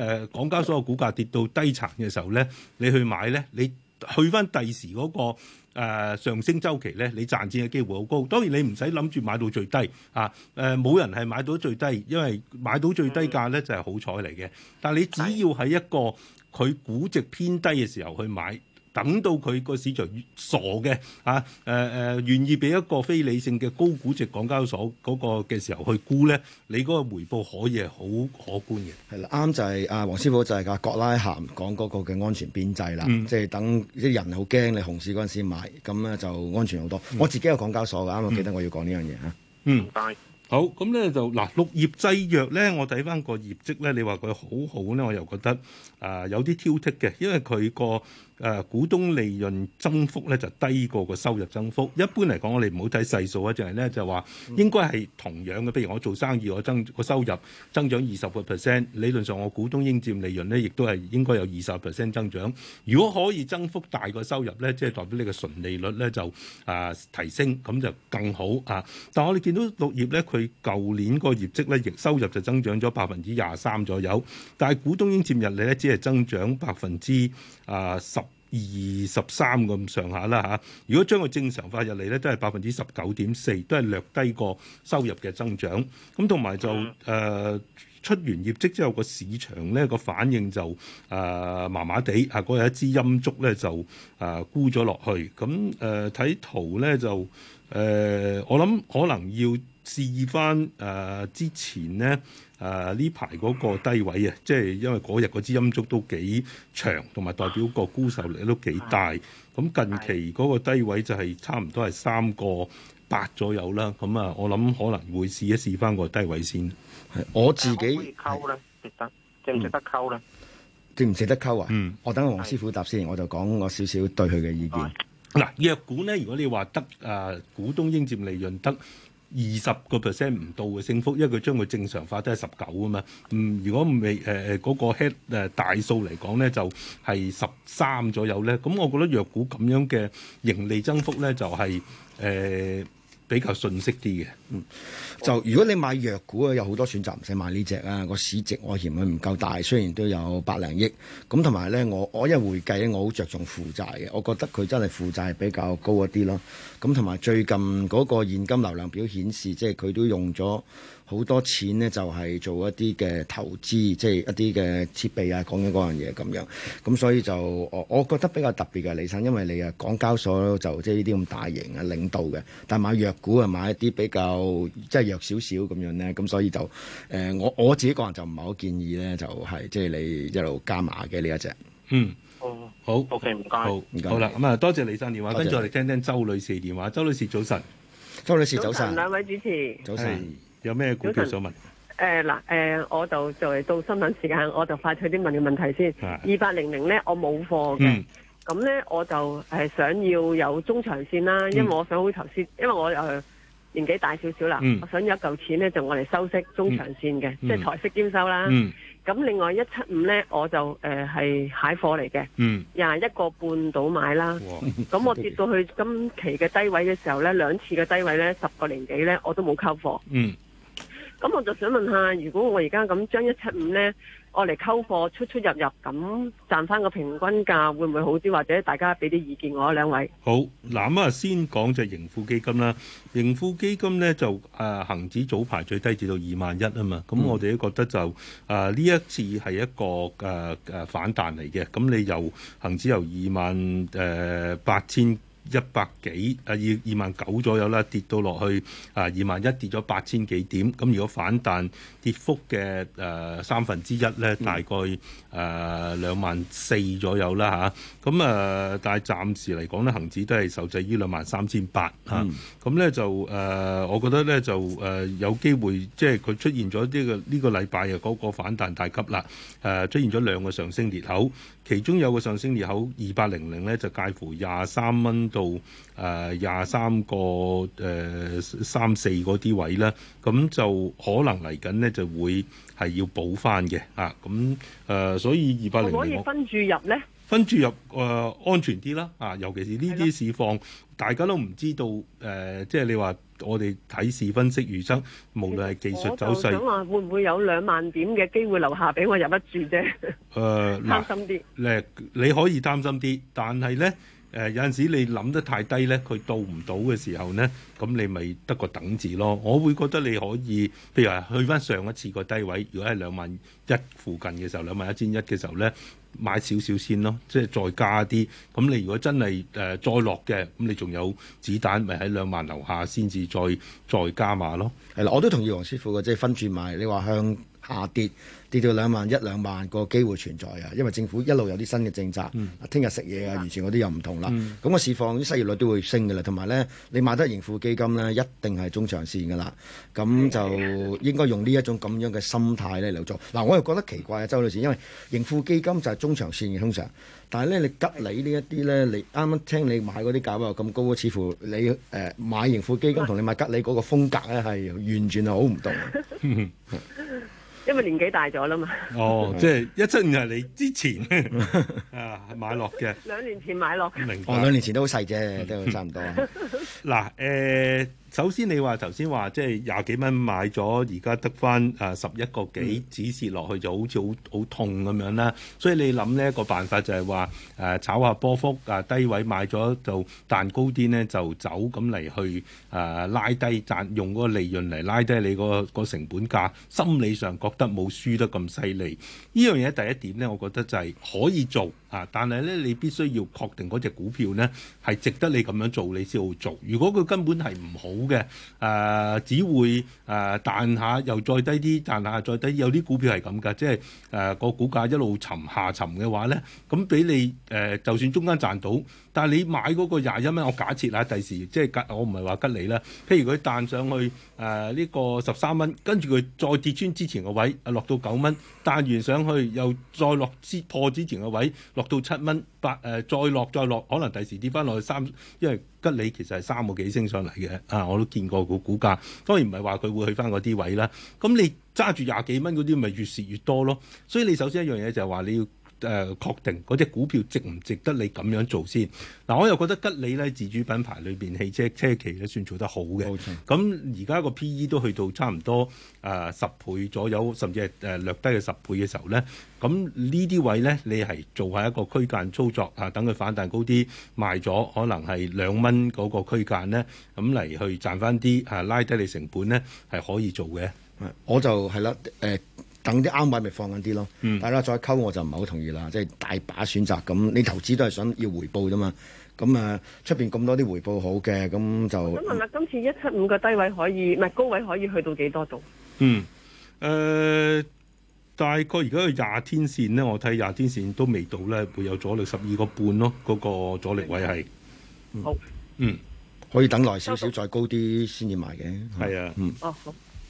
呃、港交所嘅股價跌到低殘嘅時候咧，你去買咧，你去翻第時嗰、那個。誒、呃、上升周期咧，你賺錢嘅機會好高。當然你唔使諗住買到最低啊！誒、呃、冇人係買到最低，因為買到最低價咧就係好彩嚟嘅。但你只要喺一個佢估值偏低嘅時候去買。等到佢個市場越傻嘅啊，誒誒、呃，願意俾一個非理性嘅高估值港交所嗰個嘅時候去沽咧，你嗰個回報可以係好可觀嘅。係啦，啱就係、是、啊，黃師傅就係講葛拉鹹講嗰個嘅安全邊際啦，嗯、即係等啲人好驚你熊市嗰陣時買，咁咧就安全好多。嗯、我自己有港交所㗎，啱、嗯、啊，嗯、記得我要講呢樣嘢嚇。嗯，好咁咧就嗱、啊，綠葉製藥咧，我睇翻個業績咧，你話佢好好咧，我又覺得啊、呃、有啲挑剔嘅，因為佢個誒股東利潤增幅咧就低過個收入增幅。一般嚟講，我哋唔好睇細數啊，就係咧就話應該係同樣嘅。譬如我做生意，我增個收入增長二十個 percent，理論上我股東應佔利潤咧，亦都係應該有二十 percent 增長。如果可以增幅大過收入咧，即係代表你嘅純利率咧就啊、呃、提升，咁就更好啊。但我哋見到綠葉咧，佢舊年個業績咧，亦收入就增長咗百分之廿三左右，但係股東應佔溢利咧，只係增長百分之啊十。二十三個咁上下啦嚇，如果將佢正常化入嚟咧，都係百分之十九點四，都係略低過收入嘅增長。咁同埋就誒、呃、出完業績之後，個市場咧，個反應就誒麻麻地，啊、呃、嗰日，那個，一支陰燭咧就誒、呃、沽咗落去。咁誒睇圖咧就誒、呃、我諗可能要。試翻誒之前呢，誒呢排嗰個低位那那個啊，即係因為嗰日嗰支陰燭都幾長，同埋代表個沽售力都幾大。咁近期嗰個低位就係差唔多係三個八左右啦。咁啊，我諗可能會試一試翻個低位先。係我自己。可以溝咧，是嗯、值，值得正唔值得溝咧？值唔值得溝啊？嗯，我等王師傅答先，我就講我少少對佢嘅意見。嗱是、啊，若股呢，如果你話得誒、呃，股東應佔利潤得。二十個 percent 唔到嘅升幅，因為佢將佢正常化都係十九啊嘛。嗯，如果未誒誒嗰個 head 誒、呃、大數嚟講咧，就係十三左右咧。咁我覺得弱股咁樣嘅盈利增幅咧，就係、是、誒。呃比較遜色啲嘅，嗯，就如果你買藥股啊，有好多選擇，唔使買呢隻啊。個市值我嫌佢唔夠大，雖然都有百零億。咁同埋呢，我我一會計，我好着重負債嘅，我覺得佢真係負債比較高一啲咯。咁同埋最近嗰個現金流量表顯示，即係佢都用咗。好多錢呢，就係做一啲嘅投資，即係一啲嘅設備啊，講緊嗰樣嘢咁樣。咁、嗯、所以就我覺得比較特別嘅李生，因為你啊港交所就即係呢啲咁大型啊領導嘅，但買藥股啊買一啲比較即係弱少少咁樣咧。咁、嗯、所以就誒、呃、我我自己個人就唔係好建議咧、就是，就係即係你一路加碼嘅呢一隻。一嗯，好，好，OK，唔該。好唔該。謝謝。好啦，咁啊多謝李生電話，跟住謝我哋聽聽周女士電話。周女士早晨，周女士早晨，兩位主持早晨。有咩觀眾想問？誒嗱誒，我就就嚟到新聞時間，我就快脆啲問你問題先。二八零零咧，我冇貨嘅。咁咧、嗯，我就係想要有中長線啦，因為我想好似頭先，因為我又、呃、年紀大少少啦，嗯、我想有一嚿錢咧就我嚟收息中長線嘅，嗯、即係財息兼收啦。咁、嗯、另外一七五咧，我就誒係、呃、蟹貨嚟嘅，廿一個半到買啦。咁哇我跌到去今期嘅低位嘅時候咧，兩次嘅低位咧，十個零幾咧，我都冇溝貨，貨。嗯咁我就想問下，如果我而家咁將一七五呢，我嚟溝貨出出入入咁賺翻個平均價，會唔會好啲？或者大家俾啲意見我兩位。好，嗱咁啊，先講就盈富基金啦。盈富基金呢，就誒、呃、恆指早排最低至到二萬一啊嘛。咁我哋都覺得就誒呢、呃、一次係一個誒誒、呃、反彈嚟嘅。咁你由恒指由二萬誒八千。一百幾啊二二萬九左右啦，跌到落去啊二萬一跌咗八千幾點，咁如果反彈跌幅嘅誒、呃、三分之一咧，大概誒兩萬四左右啦吓，咁啊，但係暫時嚟講咧，恒指都係受制於兩萬三千八吓。咁咧、嗯嗯、就誒、呃，我覺得咧就誒、呃、有機會，即係佢出現咗呢、這個呢、這個禮拜嘅嗰個反彈大急啦，誒、呃、出現咗兩個上升裂口。其中有個上升裂口二百零零咧，200, 就介乎廿三蚊到誒廿三個誒三四嗰啲位啦，咁就可能嚟緊呢就會係要補翻嘅啊，咁、呃、誒所以二百零零可以分注入咧，分注入誒、呃、安全啲啦啊，尤其是呢啲市況的大家都唔知道誒，即、呃、係、就是、你話。我哋睇市分析餘生，無論係技術走勢，嗯、我就想話會唔會有兩萬點嘅機會留下俾我入得住啫？誒， <laughs> 擔心啲咧，你可以擔心啲，但係咧。誒有陣時你諗得太低咧，佢到唔到嘅時候咧，咁你咪得個等字咯。我會覺得你可以譬如話去翻上一次個低位，如果係兩萬一附近嘅時候，兩萬一千一嘅時候咧，買少少先咯，即係再加啲。咁你如果真係誒、呃、再落嘅，咁你仲有子彈咪喺兩萬樓下先至再再加碼咯。係啦，我都同意黃師傅嘅，即係分住買。你話向。下跌跌到兩萬一兩萬個機會存在啊！因為政府一路有啲新嘅政策，聽日食嘢啊，完全嗰啲又唔同啦。咁個、嗯、市況啲失業率都會升嘅啦。同埋咧，你買得盈富基金咧，一定係中長線嘅啦。咁就應該用呢一種咁樣嘅心態咧嚟做。嗱，我又覺得奇怪啊，周女士，因為盈富基金就係中長線嘅通常，但係咧你吉利呢一啲咧，你啱啱聽你買嗰啲價位又咁高，似乎你誒、呃、買盈富基金同你買吉利嗰個風格咧係完全係好唔同。 <laughs> 因為年紀大咗啦嘛，哦， <laughs> 即係一七五就係你之前啊 <laughs> <laughs> 買落嘅的， <laughs> 兩年前買落，嘅、哦，哦 <laughs> 兩年前都好細啫， <laughs> 都差唔多 <laughs> 嘩。嗱誒。首先你話頭先話即係廿幾蚊買咗，而家得翻誒十一個幾，指示落去就好似好好痛咁樣啦。所以你諗呢一個辦法就係話誒炒下波幅，誒低位買咗就等高啲呢，就走咁嚟去誒、呃、拉低賺，用嗰個利潤嚟拉低你嗰、嗰個成本價。心理上覺得冇輸得咁犀利，呢樣嘢第一點呢，我覺得就係可以做。啊！但係咧，你必須要確定嗰隻股票咧係值得你咁樣做，你先好做。如果佢根本係唔好嘅，誒、呃、只會誒、呃、彈下又再低啲，彈下再低。有啲股票係咁㗎，即係誒、呃，個股價一路沉下沉嘅話咧，咁俾你誒、呃，就算中間賺到。但係你買嗰個廿一蚊，我假設啦，第時即係我唔係話吉利啦。譬如佢彈上去誒呢、呃呢個十三蚊，跟住佢再跌穿之前個位，啊，落到九蚊，彈完上去又再落之破之前個位，落到七蚊八誒，再落再落，可能第時跌翻落去三，因為吉利其實係三個幾升上嚟嘅啊，我都見過個股價。當然唔係話佢會去翻嗰啲位啦。咁你揸住廿幾蚊嗰啲，咪越蝕越多咯。所以你首先一樣嘢就係話你要。誒、呃、確定嗰隻股票值唔值得你咁樣做先？嗱、啊，我又覺得吉利咧自主品牌裏邊汽車、汽車企咧算做得好嘅。冇錯 Okay.、嗯。咁而家個 PE 都去到差唔多誒十、呃、倍左右，甚至係誒、呃、略低嘅十倍嘅時候咧，咁、嗯、呢啲位咧你係做喺一個區間操作啊，等佢反彈高啲賣咗，可能係兩蚊嗰個區間咧，咁、嗯、嚟去賺翻啲啊，拉低你成本咧係可以做嘅。我就係啦，誒。等啲啱買咪放緊啲咯，大家再溝我就唔係好同意啦，即係大把選擇咁，你投資都係想要回報啫嘛，咁誒出邊咁多啲回報好嘅。咁就咁問下，今次一七五個低位可以唔係高位可以去到幾多度？嗯誒、呃，大概而家嘅廿天線咧，我睇廿天線都未到咧，會有阻力十二個半咯，嗰個阻力位係、嗯、好嗯，可以等耐少少再高啲先至賣嘅，係啊，嗯哦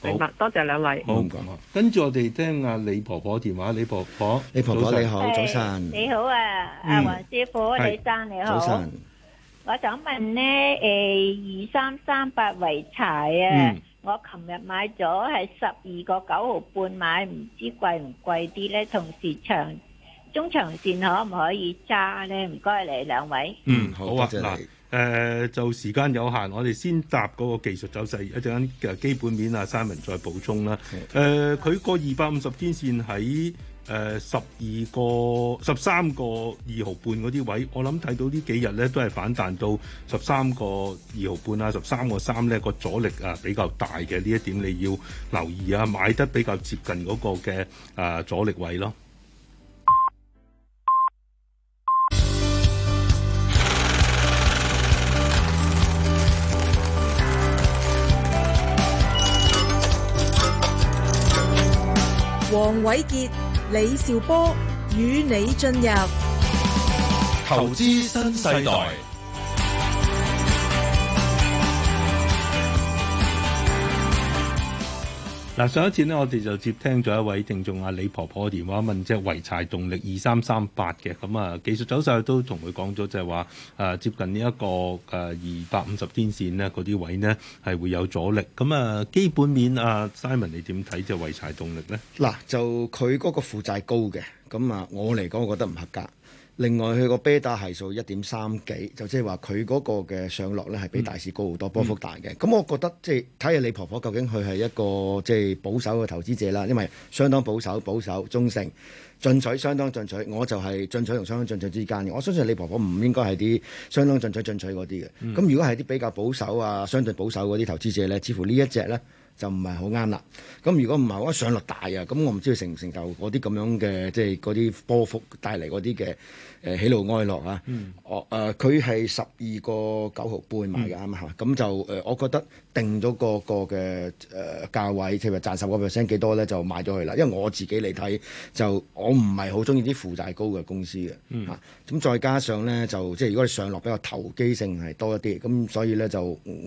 明白，好多謝兩位。好唔該啊！跟住、嗯、我哋聽下李婆婆電話，李婆婆，李婆婆晨你好，早晨。欸、你好啊，阿黃、嗯、師傅，李生是你好。早晨。我想問呢，誒二三三八濰柴啊，嗯、我琴日買咗係十二個九毫半買，唔知貴唔貴啲呢？同時長中長線可唔可以揸呢？唔該你兩位。嗯，好啊，嗱。誒、呃、就時間有限，我哋先答嗰個技術走勢，一陣間嘅基本面啊，Simon 再補充啦。誒佢個二百五十天線喺誒十二個、十三個二毫半嗰啲位，我諗睇到幾呢幾日咧都係反彈到十三個二毫半啦，十三個三咧個阻力啊比較大嘅呢一點你要留意啊，買得比較接近嗰個嘅啊阻力位咯。黃偉杰、李兆波與你進入投資新世代。嗱，上一次咧，我哋就接聽咗一位聽眾阿李婆婆嘅電話問，問即係維柴動力二三三八嘅，咁啊技術走勢都同佢講咗，就係話誒接近呢一個誒二百五十天線呢嗰啲位呢係會有阻力。咁啊，基本面啊 Simon 你點睇即係維柴動力呢？嗱，就佢嗰個負債高嘅，咁啊，我嚟講我覺得唔合格。另外佢個 beta 係數一點三幾，就即係話佢嗰個嘅上落咧係比大市高好多，嗯、波幅大嘅。咁我覺得即係睇下你婆婆究竟佢係一個即係、就是、保守嘅投資者啦，因為相當保守、保守中性、進取相當進取，我就係進取同相當進取之間嘅。我相信你婆婆唔應該係啲相當進取進取嗰啲嘅。咁、嗯、如果係啲比較保守啊、相對保守嗰啲投資者咧，似乎一呢一隻咧。就唔係好啱啦。咁如果唔係，我、啊、上落大啊，咁我唔知佢成唔成就嗰啲咁樣嘅，即係嗰啲波幅帶嚟嗰啲嘅誒喜怒哀樂啊。我誒佢係十二個九毫半買㗎、嗯、啊嘛，咁就誒、呃，我覺得定咗個個嘅誒價位，即係賺十個 percent 幾多咧，就賣咗佢啦。因為我自己嚟睇，就我唔係好中意啲負債高嘅公司嘅嚇。咁、嗯啊、再加上咧，就即係如果你上落比較投機性係多一啲，咁所以咧就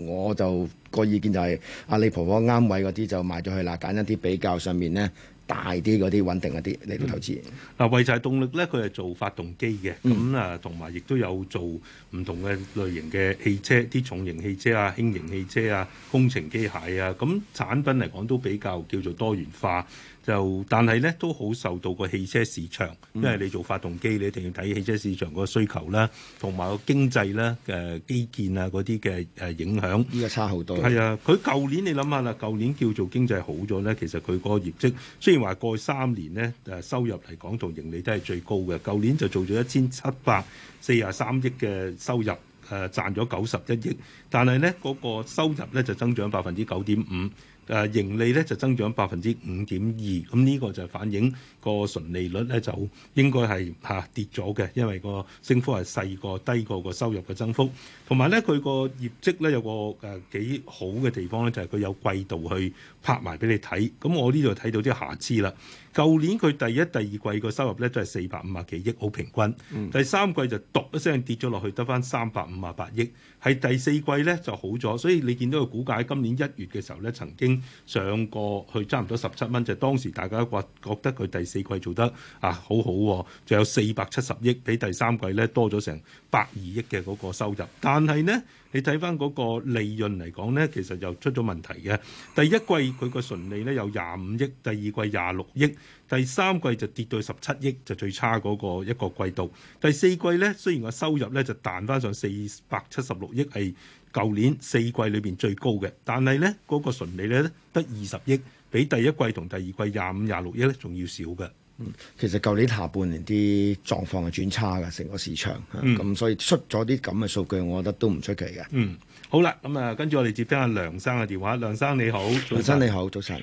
我就。我就個意見就係阿李婆婆啱位嗰啲就賣咗去啦，揀一啲比較上面咧大啲嗰啲穩定嗰啲嚟到投資。嗱、嗯，濰柴就係動力咧，佢係做發動機嘅，咁啊同埋亦都有做唔同嘅類型嘅汽車，啲重型汽車啊、輕型汽車啊、工程機械啊，咁產品嚟講都比較叫做多元化。就但係咧，都好受到個汽車市場，因為你做發動機，你一定要睇汽車市場嗰個需求啦，同埋個經濟啦嘅、呃、基建啊嗰啲嘅誒影響。呢個差好多。係啊，佢舊年你諗下啦，舊年叫做經濟好咗咧，其實佢嗰個業績雖然話過三年咧，誒收入嚟講同盈利都係最高嘅。舊年就做咗一千七百四十三億嘅收入，誒、呃、賺咗九十一億，但係咧嗰個收入咧就增長百分之九點五。誒盈利咧就增長百分之五點二，咁呢個就反映個純利率咧就應該係下跌咗嘅，因為個升幅係細過低過個收入嘅增幅。同埋咧，佢個業績咧有個誒幾好嘅地方咧，就係、是、佢有季度去拍埋俾你睇。咁我呢度睇到啲瑕疵啦。舊年佢第一、第二季個收入咧都係四百五啊幾億，好平均。嗯、第三季就獨一聲跌咗落去，得返三百五啊八億，係第四季咧就好咗，所以你見到個股價今年一月嘅時候咧，曾經上過去差唔多十七蚊，就是、當時大家覺覺得佢第四季做得啊好好喎、哦，仲有四百七十億比第三季咧多咗成百二億嘅嗰個收入，但係呢，你睇翻嗰個利潤嚟講咧，其實又出咗問題嘅。第一季佢個純利咧有廿五億，第二季廿六億。第三季就跌到十七億，就最差嗰個一個季度。第四季咧，雖然個收入咧就彈翻上四百七十六億，係舊年四季裏邊最高嘅，但係咧嗰個純利咧得二十億，比第一季同第二季廿五廿六億咧仲要少嘅。嗯，其實舊年下半年啲狀況係轉差嘅，成個市場。嗯，咁所以出咗啲咁嘅數據，我覺得都唔出奇嘅。嗯，好啦，咁啊，跟住我哋接聽阿梁生嘅電話。梁生你好，梁生你好，早晨。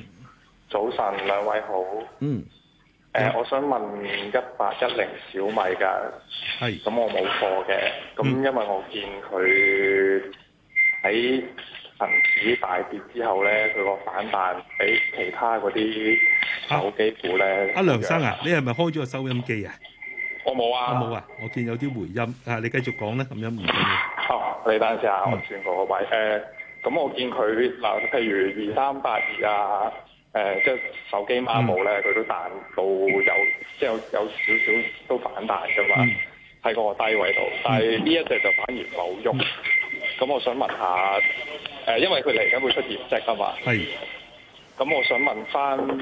<music> 早晨，兩位好。嗯。誒、呃， <music> 我想問一八一零小米㗎。係。咁我冇貨嘅。咁因為我見佢喺恆指大跌之後咧，佢個反彈比其他嗰啲手機股咧。阿梁生啊，啊生嗯、你係咪開咗個收音機啊？我冇啊。我冇啊， <music> 啊。我見有啲回音繼啊，你繼續講咧，咁樣唔緊要。哦，你等陣先啊，我轉個位。誒，咁我見佢嗱，譬如二三八二啊。誒，即係手機孖寶咧，佢都彈到有，即係有有少少都反彈噶嘛，喺個低位度。柯 rac ke 但係呢一隻就反而冇喐。咁、嗯啊嗯啊、我想問下，誒因為佢嚟緊會出業績啊嘛，係。咁我想問翻誒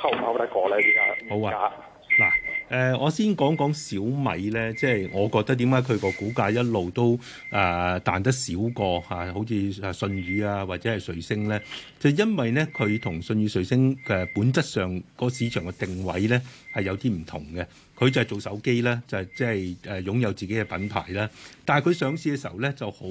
抽唔抽得過咧而家？好啊。嗱，誒、呃，我先講講小米咧，即係我覺得點解佢個股價一路都誒、呃、彈得少過、啊，好似信宇啊或者係瑞星咧，就因為咧佢同信宇、瑞星嘅本質上個市場嘅定位咧係有啲唔同嘅，佢就係做手機啦，就係即係誒擁有自己嘅品牌啦，但係佢上市嘅時候咧就好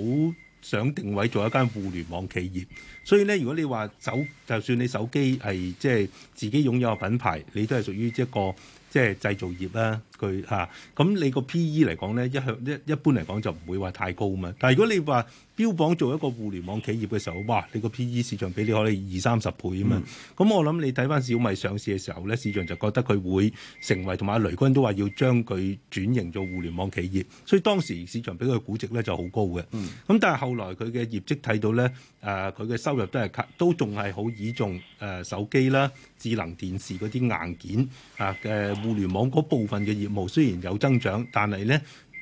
想定位做一間互聯網企業，所以咧如果你話手就算你手機係即係自己擁有個品牌，你都係屬於一、這個。即係製造業啦、啊，佢吓，咁你個 P/E 嚟講咧，一向一一般嚟講就唔會話太高啊嘛，但係如果你話，標榜做一個互聯網企業嘅時候，哇！你個 P/E 市場俾你可能二三十倍啊嘛。咁、嗯、我諗你睇翻小米上市嘅時候咧，市場就覺得佢會成為，同埋雷軍都話要將佢轉型做互聯網企業，所以當時市場俾佢估值咧就好高嘅。咁、嗯、但係後來佢嘅業績睇到咧，誒佢嘅收入都係都仲係好倚重誒、呃、手機啦、智能電視嗰啲硬件啊嘅、呃、互聯網嗰部分嘅業務，雖然有增長，但係咧，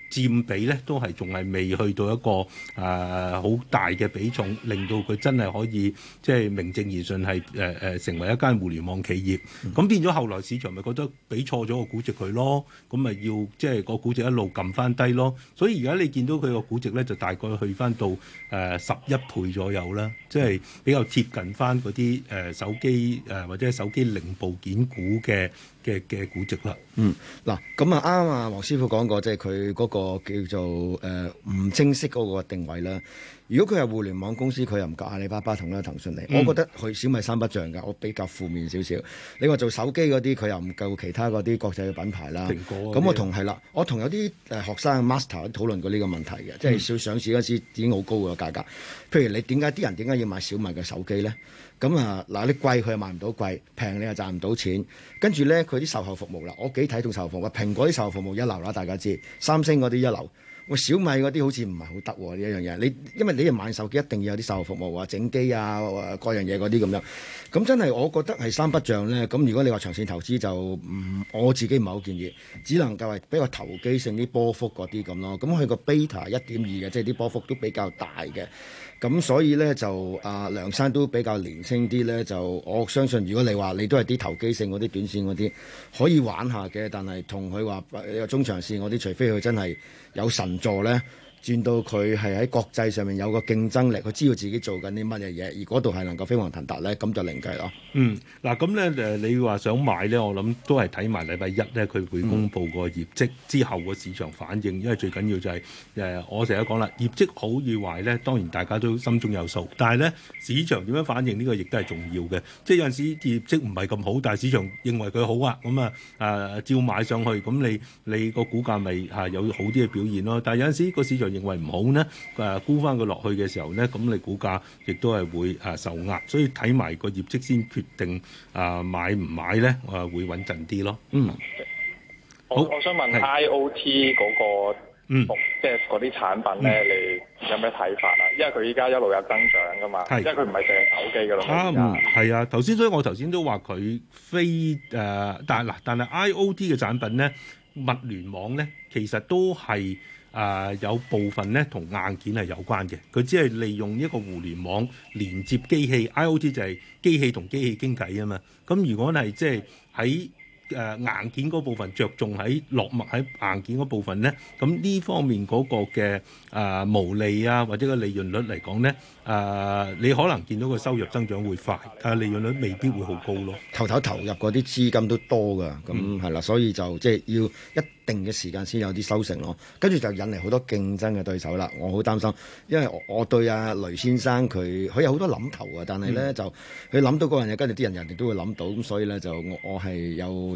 佔比咧都係仲係未去到一個誒好、呃、大嘅比重，令到佢真係可以即係、就是、名正言順係誒誒成為一間互聯網企業。咁、嗯、變咗後來市場咪覺得俾錯咗個估值佢咯，咁咪要即係、就是那個估值一路撳翻低咯。所以而家你見到佢個估值咧就大概去翻到誒十一倍左右啦，即、就、係、是、比較貼近翻嗰啲誒手機誒、呃、或者手機零部件股嘅。嘅嘅估值啦，嗯，嗱，咁啊啱啊，黃師傅講過，即係佢嗰個叫做誒唔、呃、清晰嗰個定位啦。如果佢係互聯網公司，佢又唔夠阿里巴巴同埋騰訊嚟。嗯、我覺得佢小米三不像㗎，我比較負面少少。你話做手機嗰啲，佢又唔夠其他嗰啲國際嘅品牌啦。咁我同係啦，我同有啲誒學生 master 都討論過呢個問題嘅，即係小，上市嗰時已經好高個價格。嗯、譬如你點解啲人點解要買小米嘅手機咧？咁啊，嗱你貴佢又賣唔到貴，平你又賺唔到錢。跟住呢，佢啲售後服務啦，我幾睇重售後服務。蘋果啲售後服務一流啦，大家知。三星嗰啲一流。喂，小米嗰啲好似唔係好得呢一樣嘢。你因為你啊買手機一定要有啲售後服務啊，整機啊，各樣嘢嗰啲咁樣。咁真係我覺得係三不像呢。咁如果你話長線投資就，我自己唔係好建議，只能夠係比較投機性啲波幅嗰啲咁咯。咁佢個 beta 一點二嘅，即係啲波幅都比較大嘅。咁所以呢，就啊梁生都比較年輕啲呢。就我相信如果你話你都係啲投機性嗰啲短線嗰啲可以玩下嘅，但係同佢話有中長線嗰啲，除非佢真係有神助呢。轉到佢係喺國際上面有個競爭力，佢知道自己做緊啲乜嘢嘢，而嗰度係能夠飛黃騰達咧，咁就另計咯。嗯，嗱，咁咧誒，你話想買咧，我諗都係睇埋禮拜一咧，佢會公布個業績之後個市場反應，因為最緊要就係誒，我成日講啦，業績好與壞咧，當然大家都心中有數，但係咧市場點樣反應呢，個亦都係重要嘅，即係有陣時業績唔係咁好，但係市場認為佢好啊，咁啊誒照買上去，咁你你個股價咪嚇有好啲嘅表現咯。但係有陣時個市場認為唔好呢，誒沽翻佢落去嘅時候呢，咁你股價亦都係會誒受壓，所以睇埋個業績先決定誒買唔買咧，誒會穩陣啲咯。嗯，好，我想問 IOT 嗰個，嗯，即係嗰啲產品咧，你有咩睇法啊？因為佢依家一路有增長噶嘛，因為佢唔係淨係手機嘅咯。啊，係啊，頭先所以我頭先都話佢非誒，但係嗱，但係 IOT 嘅產品咧，物聯網咧，其實都係。啊、呃，有部分咧同硬件係有關嘅，佢只係利用一個互聯網連接機器，IoT 就係機器同機器傾偈啊嘛。咁如果係即係喺，就是誒、呃、硬件嗰部分着重喺落墨喺硬件嗰部分咧，咁、嗯、呢方面嗰個嘅誒、呃、毛利啊，或者個利潤率嚟講咧，誒、呃、你可能見到個收入增長會快，但係利潤率未必會好高咯。頭頭投，投，投入嗰啲資金都多噶，咁係啦，嗯嗯、所以就即係、就是、要一定嘅時間先有啲收成咯。跟住就引嚟好多競爭嘅對手啦。我好擔心，因為我，我對阿、啊、雷先生佢佢有好多諗頭啊，但係咧就佢諗到嗰樣嘢，又跟住啲人，人哋都會諗到，咁所以咧就我我係有。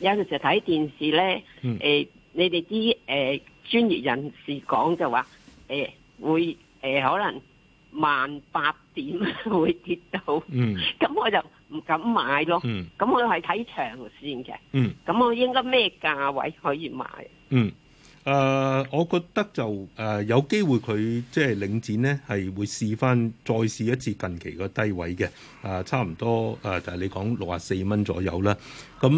有陣時睇電視呢，誒、嗯呃，你哋啲誒專業人士講就話，誒、呃、會誒、呃、可能萬八點會跌到，咁、嗯、我就唔敢買咯。咁、嗯、我係睇長線嘅，咁、嗯、我應該咩價位可以買？嗯誒，uh, 我覺得就誒、uh, 有機會佢即係領展呢係會試翻再試一次近期個低位嘅，啊、uh，差唔多啊，就係你講六十四蚊左右啦。咁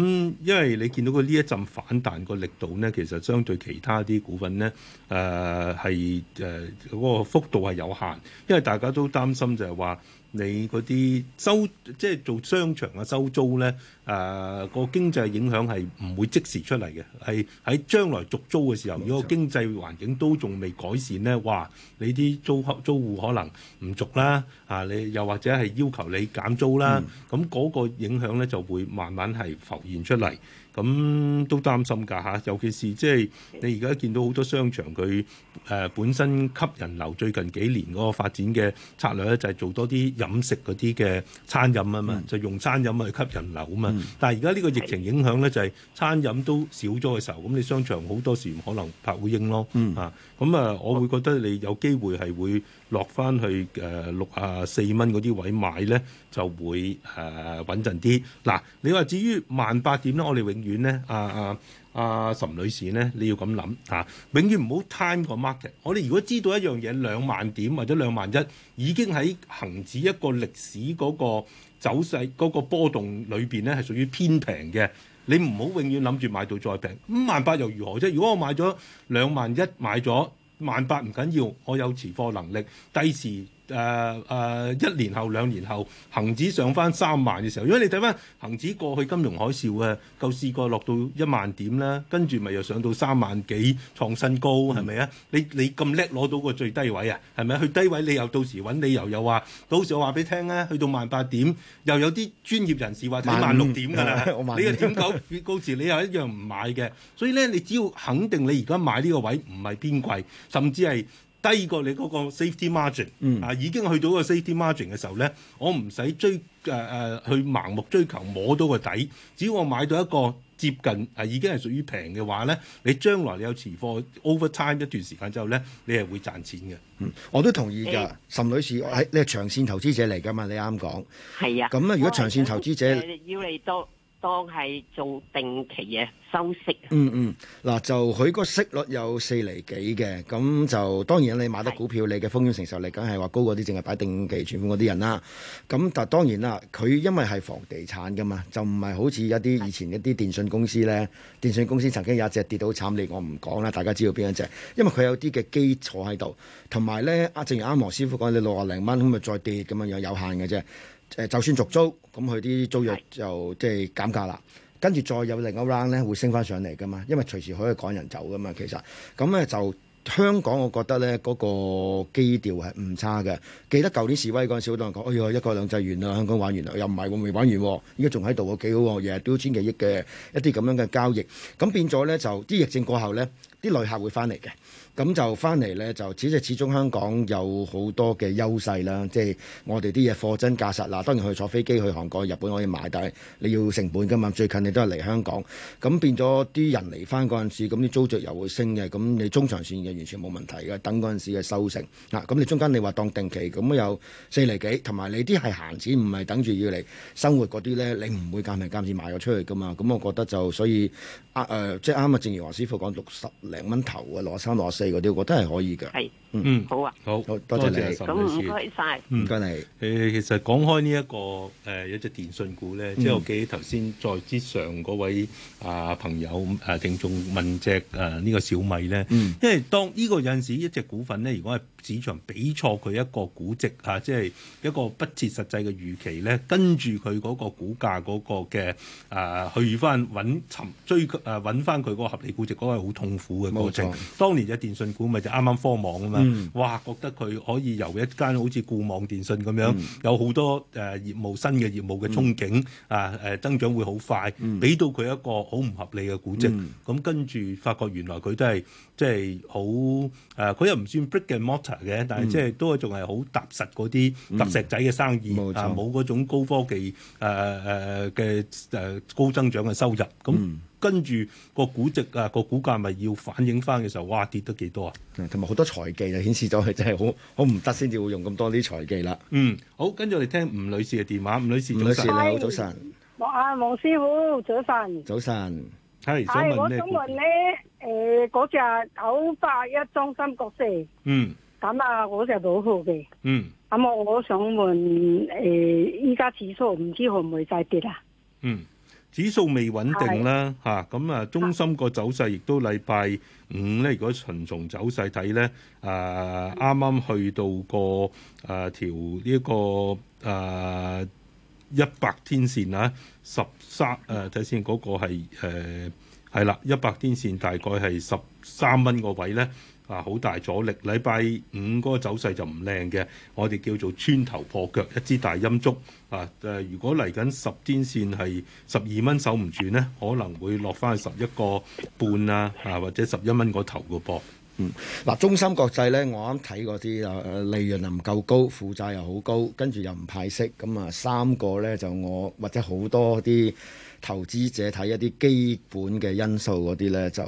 因為你見到佢呢一陣反彈個力度呢，其實相對其他啲股份呢，誒係誒嗰個幅度係有限，因為大家都擔心就係話，你嗰啲收即係做商場嘅收租咧，誒、呃嗰個經濟影響係唔會即時出嚟嘅，係喺將來續租嘅時候，如果經濟環境都仲未改善咧，哇！你啲租客租戶可能唔續啦，啊！你又或者係要求你減租啦，咁嗰個影響咧就會慢慢係浮現出嚟。咁都擔心㗎嚇，尤其是即係你而家見到好多商場佢誒本身吸人流，最近幾年嗰個發展嘅策略咧，就係做多啲飲食嗰啲嘅餐飲啊嘛，嗯、就用餐飲去吸人流啊嘛。嗯、但係而家呢個疫情影響咧，就係餐飲都少咗嘅時候，咁你商場好多時唔可能拍烏蠅咯嚇。咁、嗯、啊，我會覺得你有機會係會。落翻去誒六啊四蚊嗰啲位買咧，就會誒、呃、穩陣啲。嗱，你話至於萬八點咧，我哋永遠咧，阿阿阿岑女士咧，你要咁諗嚇，永遠唔好 time 個 market。我哋如果知道一樣嘢，兩萬點或者兩萬一已經喺恆指一個歷史嗰個走勢嗰個波動裏邊咧，係屬於偏平嘅。你唔好永遠諗住買到再平。五萬八又如何啫？如果我買咗兩萬一買咗，萬八唔緊要，我有持貨能力。第時。誒誒，一、uh, uh, 年後兩年後，恒指上翻三萬嘅時候，如果你睇翻恒指過去金融海嘯啊，夠試過落到一萬點啦，跟住咪又上到三萬幾創新高，係咪啊？你你咁叻攞到個最低位啊，係咪去低位你又到時揾理由又話，到時我話俾你聽啦，去到萬八點，又有啲專業人士話萬六點㗎啦，15，你又點搞？嗰時你又一樣唔買嘅，所以咧，你只要肯定你而家買呢個位唔係邊貴，甚至係。低過你嗰個 safety margin、嗯、啊已經去到個 safety margin 嘅時候咧，我唔使追誒誒、呃、去盲目追求摸到個底，只要我買到一個接近啊已經係屬於平嘅話咧，你將來你有持貨 over time 一段時間之後咧，你係會賺錢嘅。嗯，我都同意㗎。岑女士，誒的你係長線投資者嚟㗎嘛？你啱講。係啊的。咁啊，如果長線投資者要嚟到。當係做定期嘅收息。嗯嗯，嗱、嗯、就佢個息率有四厘幾嘅，咁就當然你買得股票，是你嘅風險承受力梗係話高嗰啲，淨係擺定期存款嗰啲人啦。咁但係當然啦，佢因為係房地產㗎嘛，就唔係好似一啲以前一啲電信公司咧。是電信公司曾經有一隻跌到慘烈，你我唔講啦，大家知道邊一隻。因為佢有啲嘅基礎喺度，同埋咧阿正如啱黃師傅講，你六十零蚊咁咪再跌咁樣樣有限嘅啫。誒，就算續租咁，佢啲租約就即係減價啦。跟住是再有另一 round 咧，會升翻上嚟噶嘛。因為隨時可以趕人走噶嘛。其實咁咧就香港，我覺得咧嗰個基調係唔差嘅。記得舊年示威嗰陣時，好多人講：哎呀，一國兩制完啦，香港玩完啦，又唔係喎，未玩完。依家仲喺度喎，幾好喎，日日都千幾億嘅一啲咁樣嘅交易。咁變咗咧，就啲疫症過後咧，啲旅客會翻嚟嘅。咁就翻嚟咧，就只係始終香港有好多嘅優勢啦，即係我哋啲嘢貨真價實。嗱，當然去坐飛機去韓國、日本可以買，但係你要成本噶嘛，最近你都係嚟香港，咁變咗啲人嚟翻嗰陣時，咁啲租着又會升嘅，咁你中長線嘅完全冇問題嘅，等嗰陣時嘅收成。嗱，咁你中間你話當定期，咁有四厘幾，同埋你啲係閒錢，唔係等住要嚟生活嗰啲咧，你唔會夾平夾錢賣咗出去噶嘛。咁我覺得就所以，啱誒，即係啱啊！正如黃師傅講，六十零蚊頭啊，攞三攞四。嗰啲我都係可以嘅。嗯、mm，好啊，好，多謝你，咁唔該晒，唔該你。誒是，嗯、其實講開呢、這個呃、一個誒，有隻電信股咧，即係、嗯、我記得頭先在之上嗰位啊、呃、朋友誒、呃、聽眾問隻誒呢個小米咧，嗯、因為當呢個有陣時一隻股份咧，如果係市場比錯佢一個估值吓、啊，即係一個不切實際嘅預期咧，跟住佢嗰個股價嗰個嘅、呃、啊去翻搵尋追誒搵翻佢嗰個合理估值，嗰、那個係好痛苦嘅過程。錯當年隻電信股咪就啱啱科網啊嘛。嗯、哇！覺得佢可以由一間好似固網電信咁樣，嗯、有好多誒、呃、業務新嘅業務嘅憧憬、嗯、啊！誒、呃、增長會好快，俾、嗯、到佢一個好唔合理嘅估值。咁跟住發覺原來佢都係即係好誒，佢又唔算 brick and mortar 嘅，但係即係都仲係好踏實嗰啲踏石仔嘅生意冇嗰種高科技誒誒嘅誒高增長嘅收入咁。嗯嗯嗯嗯跟住、那個股值啊，那個股價咪要反映翻嘅時候，哇，跌得幾多啊？同埋好多財技啊，顯示咗，佢真係好好唔得先至會用咁多啲財技啦。嗯，好，跟住我哋聽吳女士嘅電話。吳女士，早晨。你好，早晨。黃啊，黃師傅，早晨。早晨安。係、hey, 想問我想問咧，誒嗰隻九八一中心角色，嗯。咁啊，嗰隻好好嘅。嗯。咁我我想問，誒依家指數唔知會唔會再跌啊？嗯。嗯嗯嗯指數未穩定啦，嚇咁的啊，中心個走勢亦都禮拜五咧。如果循從走勢睇咧，誒啱啱去到個誒條呢個誒一百天線啊，十三誒睇先嗰個係誒係啦，一百天線大概係十三蚊個位咧。啊，好大阻力！禮拜五嗰個走勢就唔靚嘅，我哋叫做穿頭破腳，一支大陰燭啊！誒、啊，如果嚟緊十天線係十二蚊守唔住呢，可能會落翻去十一個半啊，啊或者十一蚊嗰頭個噃。嗱，中心國際咧，我啱睇嗰啲啊，利潤又唔夠高，負債又好高，跟住又唔派息，咁啊三個咧就我或者好多啲投資者睇一啲基本嘅因素嗰啲咧就誒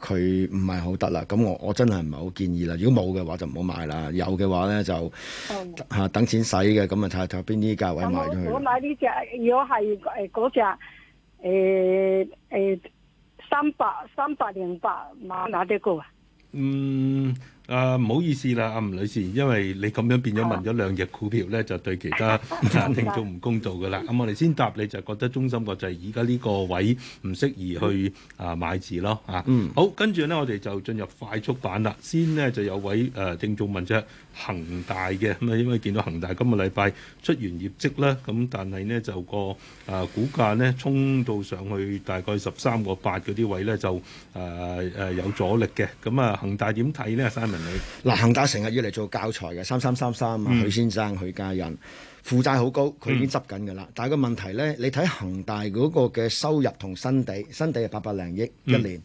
佢唔係好得啦。咁我我真係唔係好建議啦。如果冇嘅話就唔好買啦，有嘅話咧就嚇、嗯、等錢使嘅咁啊，睇下邊啲價位買咗佢。我買呢隻，如果係誒嗰隻誒誒三百三百零八，買買啲高。啊？呃呃 300, 300, 300, 800, 嗯，啊、呃、唔好意思啦，阿吳女士，因為你咁樣變咗問咗兩隻股票咧，就對其他 <laughs> 聽眾唔公道噶啦。咁、嗯、我哋先答你就覺得中心國際而家呢個位唔適宜去啊買字咯，啊，好，跟住咧我哋就進入快速版啦。先呢，就有位誒、呃、聽眾問出恒大嘅咁啊，因為見到恒大今個禮拜出完業績啦，咁但係呢就個啊、呃、股價呢，衝到上去大概十三個八嗰啲位呢，就誒誒、呃呃、有阻力嘅。咁、嗯、啊，恒大點睇呢？Simon 你？嗱，恒大成日要嚟做教材嘅，三三三三啊，許先生許家人負債好高，佢已經執緊㗎啦。嗯、但係個問題呢，你睇恒大嗰個嘅收入同新地，新地係八百零億一年。嗯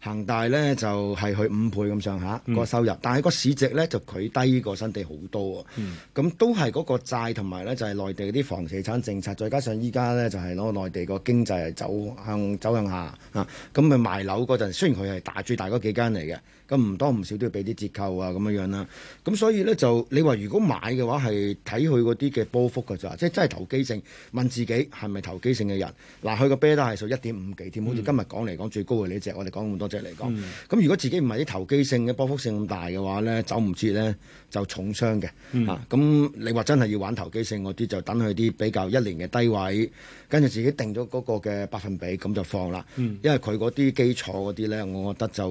恒大咧就係佢五倍咁上下個收入，嗯、但係個市值咧就佢低過新地好多啊。咁、嗯、都係嗰個債同埋咧就係、是、內地嗰啲房地產政策，再加上依家咧就係、是、攞內地個經濟係走向走向下啊，咁咪賣樓嗰陣，雖然佢係打住大嗰幾間嚟嘅。咁唔多唔少都要俾啲折扣啊，咁樣樣啦。咁所以咧就你話如果買嘅話係睇佢嗰啲嘅波幅噶咋，即係真係投機性問自己係咪投機性嘅人。嗱，佢個 beta 係數一點五幾添，好似今日講嚟講最高嘅呢隻，嗯、我哋講咁多隻嚟講。咁、嗯、如果自己唔係啲投機性嘅波幅性咁大嘅話咧，走唔切咧。就重傷嘅嚇，咁、嗯、你話真係要玩投機性嗰啲，就等佢啲比較一年嘅低位，跟住自己定咗嗰個嘅百分比，咁就放啦。嗯、因為佢嗰啲基礎嗰啲咧，我覺得就誒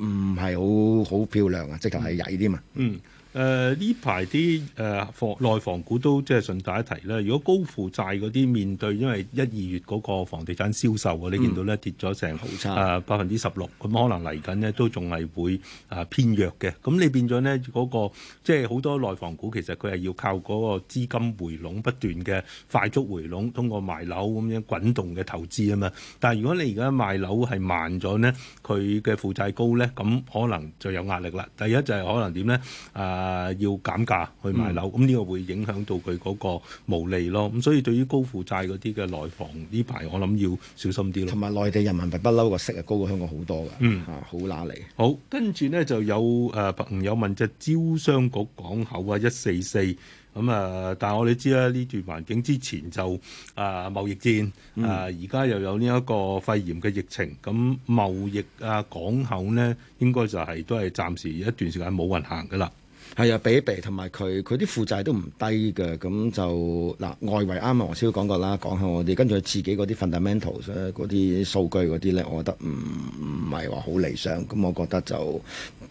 唔係好好漂亮啊，即係係曳啲嘛。嗯嗯誒呢排啲誒房內房股都即係順帶一提啦。如果高負債嗰啲面對，因為一二月嗰個房地產銷售、嗯、你見到咧跌咗成好誒百分之十六，咁差可能嚟緊呢都仲係會啊偏弱嘅。咁你變咗呢，嗰個即係好多內房股其實佢係要靠嗰個資金回籠，不斷嘅快速回籠，通過賣樓咁樣滾動嘅投資啊嘛。但係如果你而家賣樓係慢咗呢，佢嘅負債高呢，咁可能就有壓力啦。第一就係可能點呢？啊、呃？啊！要減價去買樓，咁呢個會影響到佢嗰個毛利咯。咁所以對於高負債嗰啲嘅內房呢排，我諗要小心啲咯。同埋內地人民幣不嬲個息啊，高過香港好多噶，嚇好喇嚟。好，跟住呢就有誒朋友問隻招商局港口啊，一四四咁啊。但係我哋知啦，呢段環境之前就啊貿易戰啊，而家又有呢一個肺炎嘅疫情，咁貿易啊港口呢應該就係、是、都係暫時一段時間冇運行噶啦。係啊，比一比同埋佢佢啲負債都唔低嘅，咁就嗱、呃、外圍啱啱黃師傅講過啦，講下我哋，跟住自己嗰啲 fundamental 咧，嗰啲數據嗰啲咧，我覺得唔唔係話好理想，咁我覺得就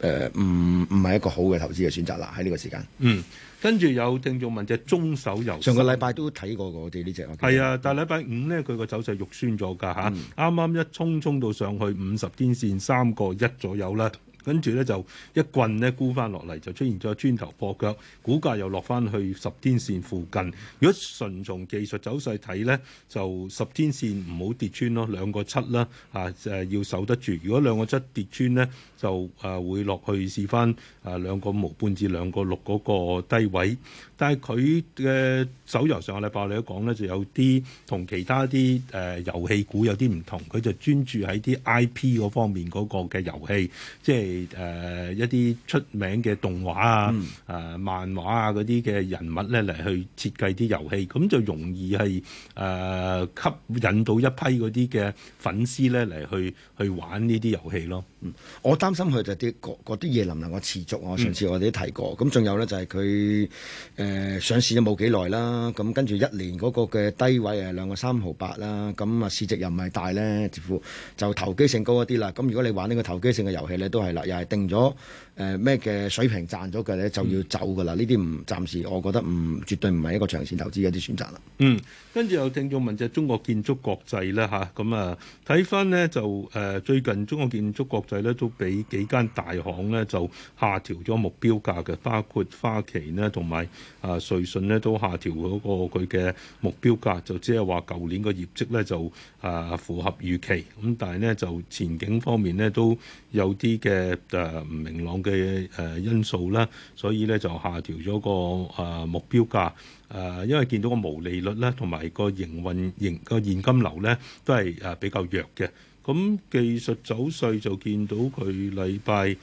誒唔唔係一個好嘅投資嘅選擇啦，喺呢個時間。嗯，跟住有聽眾問隻中手游，上個禮拜都睇過我哋呢隻。係啊，但係禮拜五呢，佢個走勢肉酸咗㗎嚇，啱啱、嗯、一衝衝到上去五十天線三個一左右啦。跟住咧就一棍呢沽翻落嚟，就出現咗磚頭破腳，股價又落翻去十天線附近。如果純從技術走勢睇呢，就十天線唔好跌穿咯，兩個七啦，啊誒要守得住。如果兩個七跌穿呢，就誒會落去試翻誒兩個毛半至兩個六嗰個低位。但係佢嘅手遊上個禮拜你哋都講呢，就有啲同其他啲誒遊戲股有啲唔同，佢就專注喺啲 IP 嗰方面嗰個嘅遊戲，即係。誒、呃，一啲出名嘅動畫啊，誒、嗯呃，漫畫啊，嗰啲嘅人物咧嚟去設計啲遊戲，咁就容易係誒、呃、吸引到一批嗰啲嘅粉絲咧嚟去去玩呢啲遊戲咯。嗯，我擔心佢就啲啲嘢，能唔能夠持續我、啊、上次我哋都提過，咁仲、嗯、有咧就係佢誒上市咗冇幾耐啦，咁跟住一年嗰個嘅低位誒兩個三毫八啦，咁啊市值又唔係大咧，似乎就投機性高一啲啦。咁如果你玩呢個投機性嘅遊戲咧，都係。又係定咗。誒咩嘅水平賺咗嘅咧，就要走噶啦。呢啲唔，暫時我覺得唔，絕對唔係一個長線投資嘅一啲選擇啦。嗯，跟住又聽眾問，就中國建築國際咧吓，咁啊睇翻啊呢就誒啊最近中國建築國際呢都俾幾間大行呢就下調咗目標價嘅，包括花旗呢同埋啊瑞信呢都下調嗰個佢嘅目標價，就只係話舊年嘅業績呢就啊符合預期，咁但係呢就前景方面呢都有啲嘅誒唔明朗嘅。嘅誒因素啦，所以咧就下調咗個誒目標價，誒，因為見到個毛利率咧，同埋個營運營個現金流咧都係誒比較弱嘅。咁技術走勢就見到佢禮拜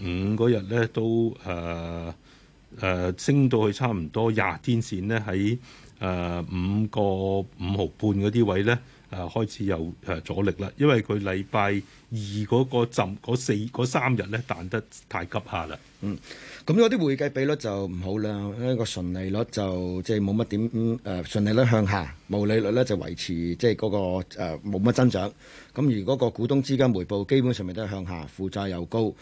五嗰日咧都誒誒升到去差唔多廿天線咧喺誒五個五毫半嗰啲位咧。啊，開始有誒阻力啦，因為佢禮拜二嗰個陣嗰四嗰三日咧彈得太急下啦。嗯，咁有啲會計比率就唔好啦，呢個純利率就即係冇乜點誒純、嗯、利率向下，毛利率咧就維持即係嗰個冇乜、呃、增長。咁而嗰個股東資金回報基本上咪都係向下，負債又高，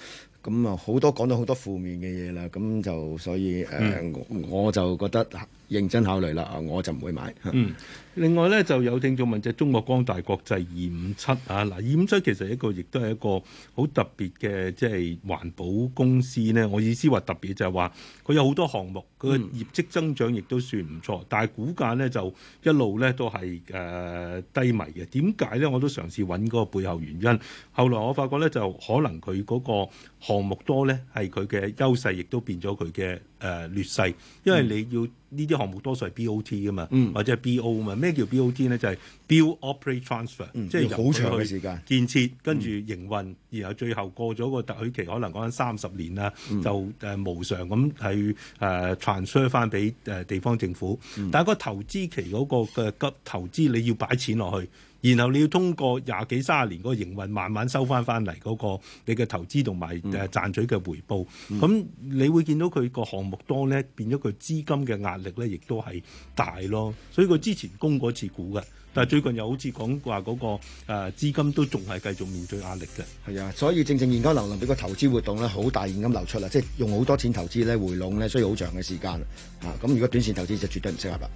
咁啊好多講到好多負面嘅嘢啦。咁就所以誒，呃嗯、我我就覺得。認真考慮啦，啊，我就唔會買。 <laughs> 嗯，另外呢，就有聽眾問就中國光大國際二五七啊，嗱，二五七其實一個亦都係一個好特別嘅即係環保公司呢。我意思話特別就係話佢有好多項目，佢嘅業績增長亦都算唔錯，但係股價呢就一路呢都係誒、呃、低迷嘅。點解呢？我都嘗試揾嗰個背後原因。後來我發覺呢，就可能佢嗰個項目多呢，係佢嘅優勢，亦都變咗佢嘅。誒、呃、劣勢，因為你要呢啲、嗯、項目多數係 BOT 噶嘛，嗯、或者係 BO 嘛。咩叫 BOT 咧？就係、是、build Oper、嗯、operate、transfer，即係好長嘅時間建設，跟住營運，嗯、然後最後過咗個特許期，可能講緊三十年啦，嗯、就誒無償咁去誒 transfer 翻俾誒地方政府。嗯、但係個投資期嗰、那個嘅、那個、急投資，你要擺錢落去。然後你要通過廿幾三十年嗰營運，慢慢收翻翻嚟嗰個你嘅投資同埋誒賺取嘅回報。咁、嗯、你會見到佢個項目多咧，變咗佢資金嘅壓力咧，亦都係大咯。所以佢之前供過次股嘅，但係最近又好似講話嗰個誒資、呃、金都仲係繼續面對壓力嘅。係啊，所以正正現金流流俾個投資活動咧，好大現金流出啦，即係用好多錢投資咧回籠咧，需要好長嘅時間啊。咁如果短線投資就絕對唔適合啦。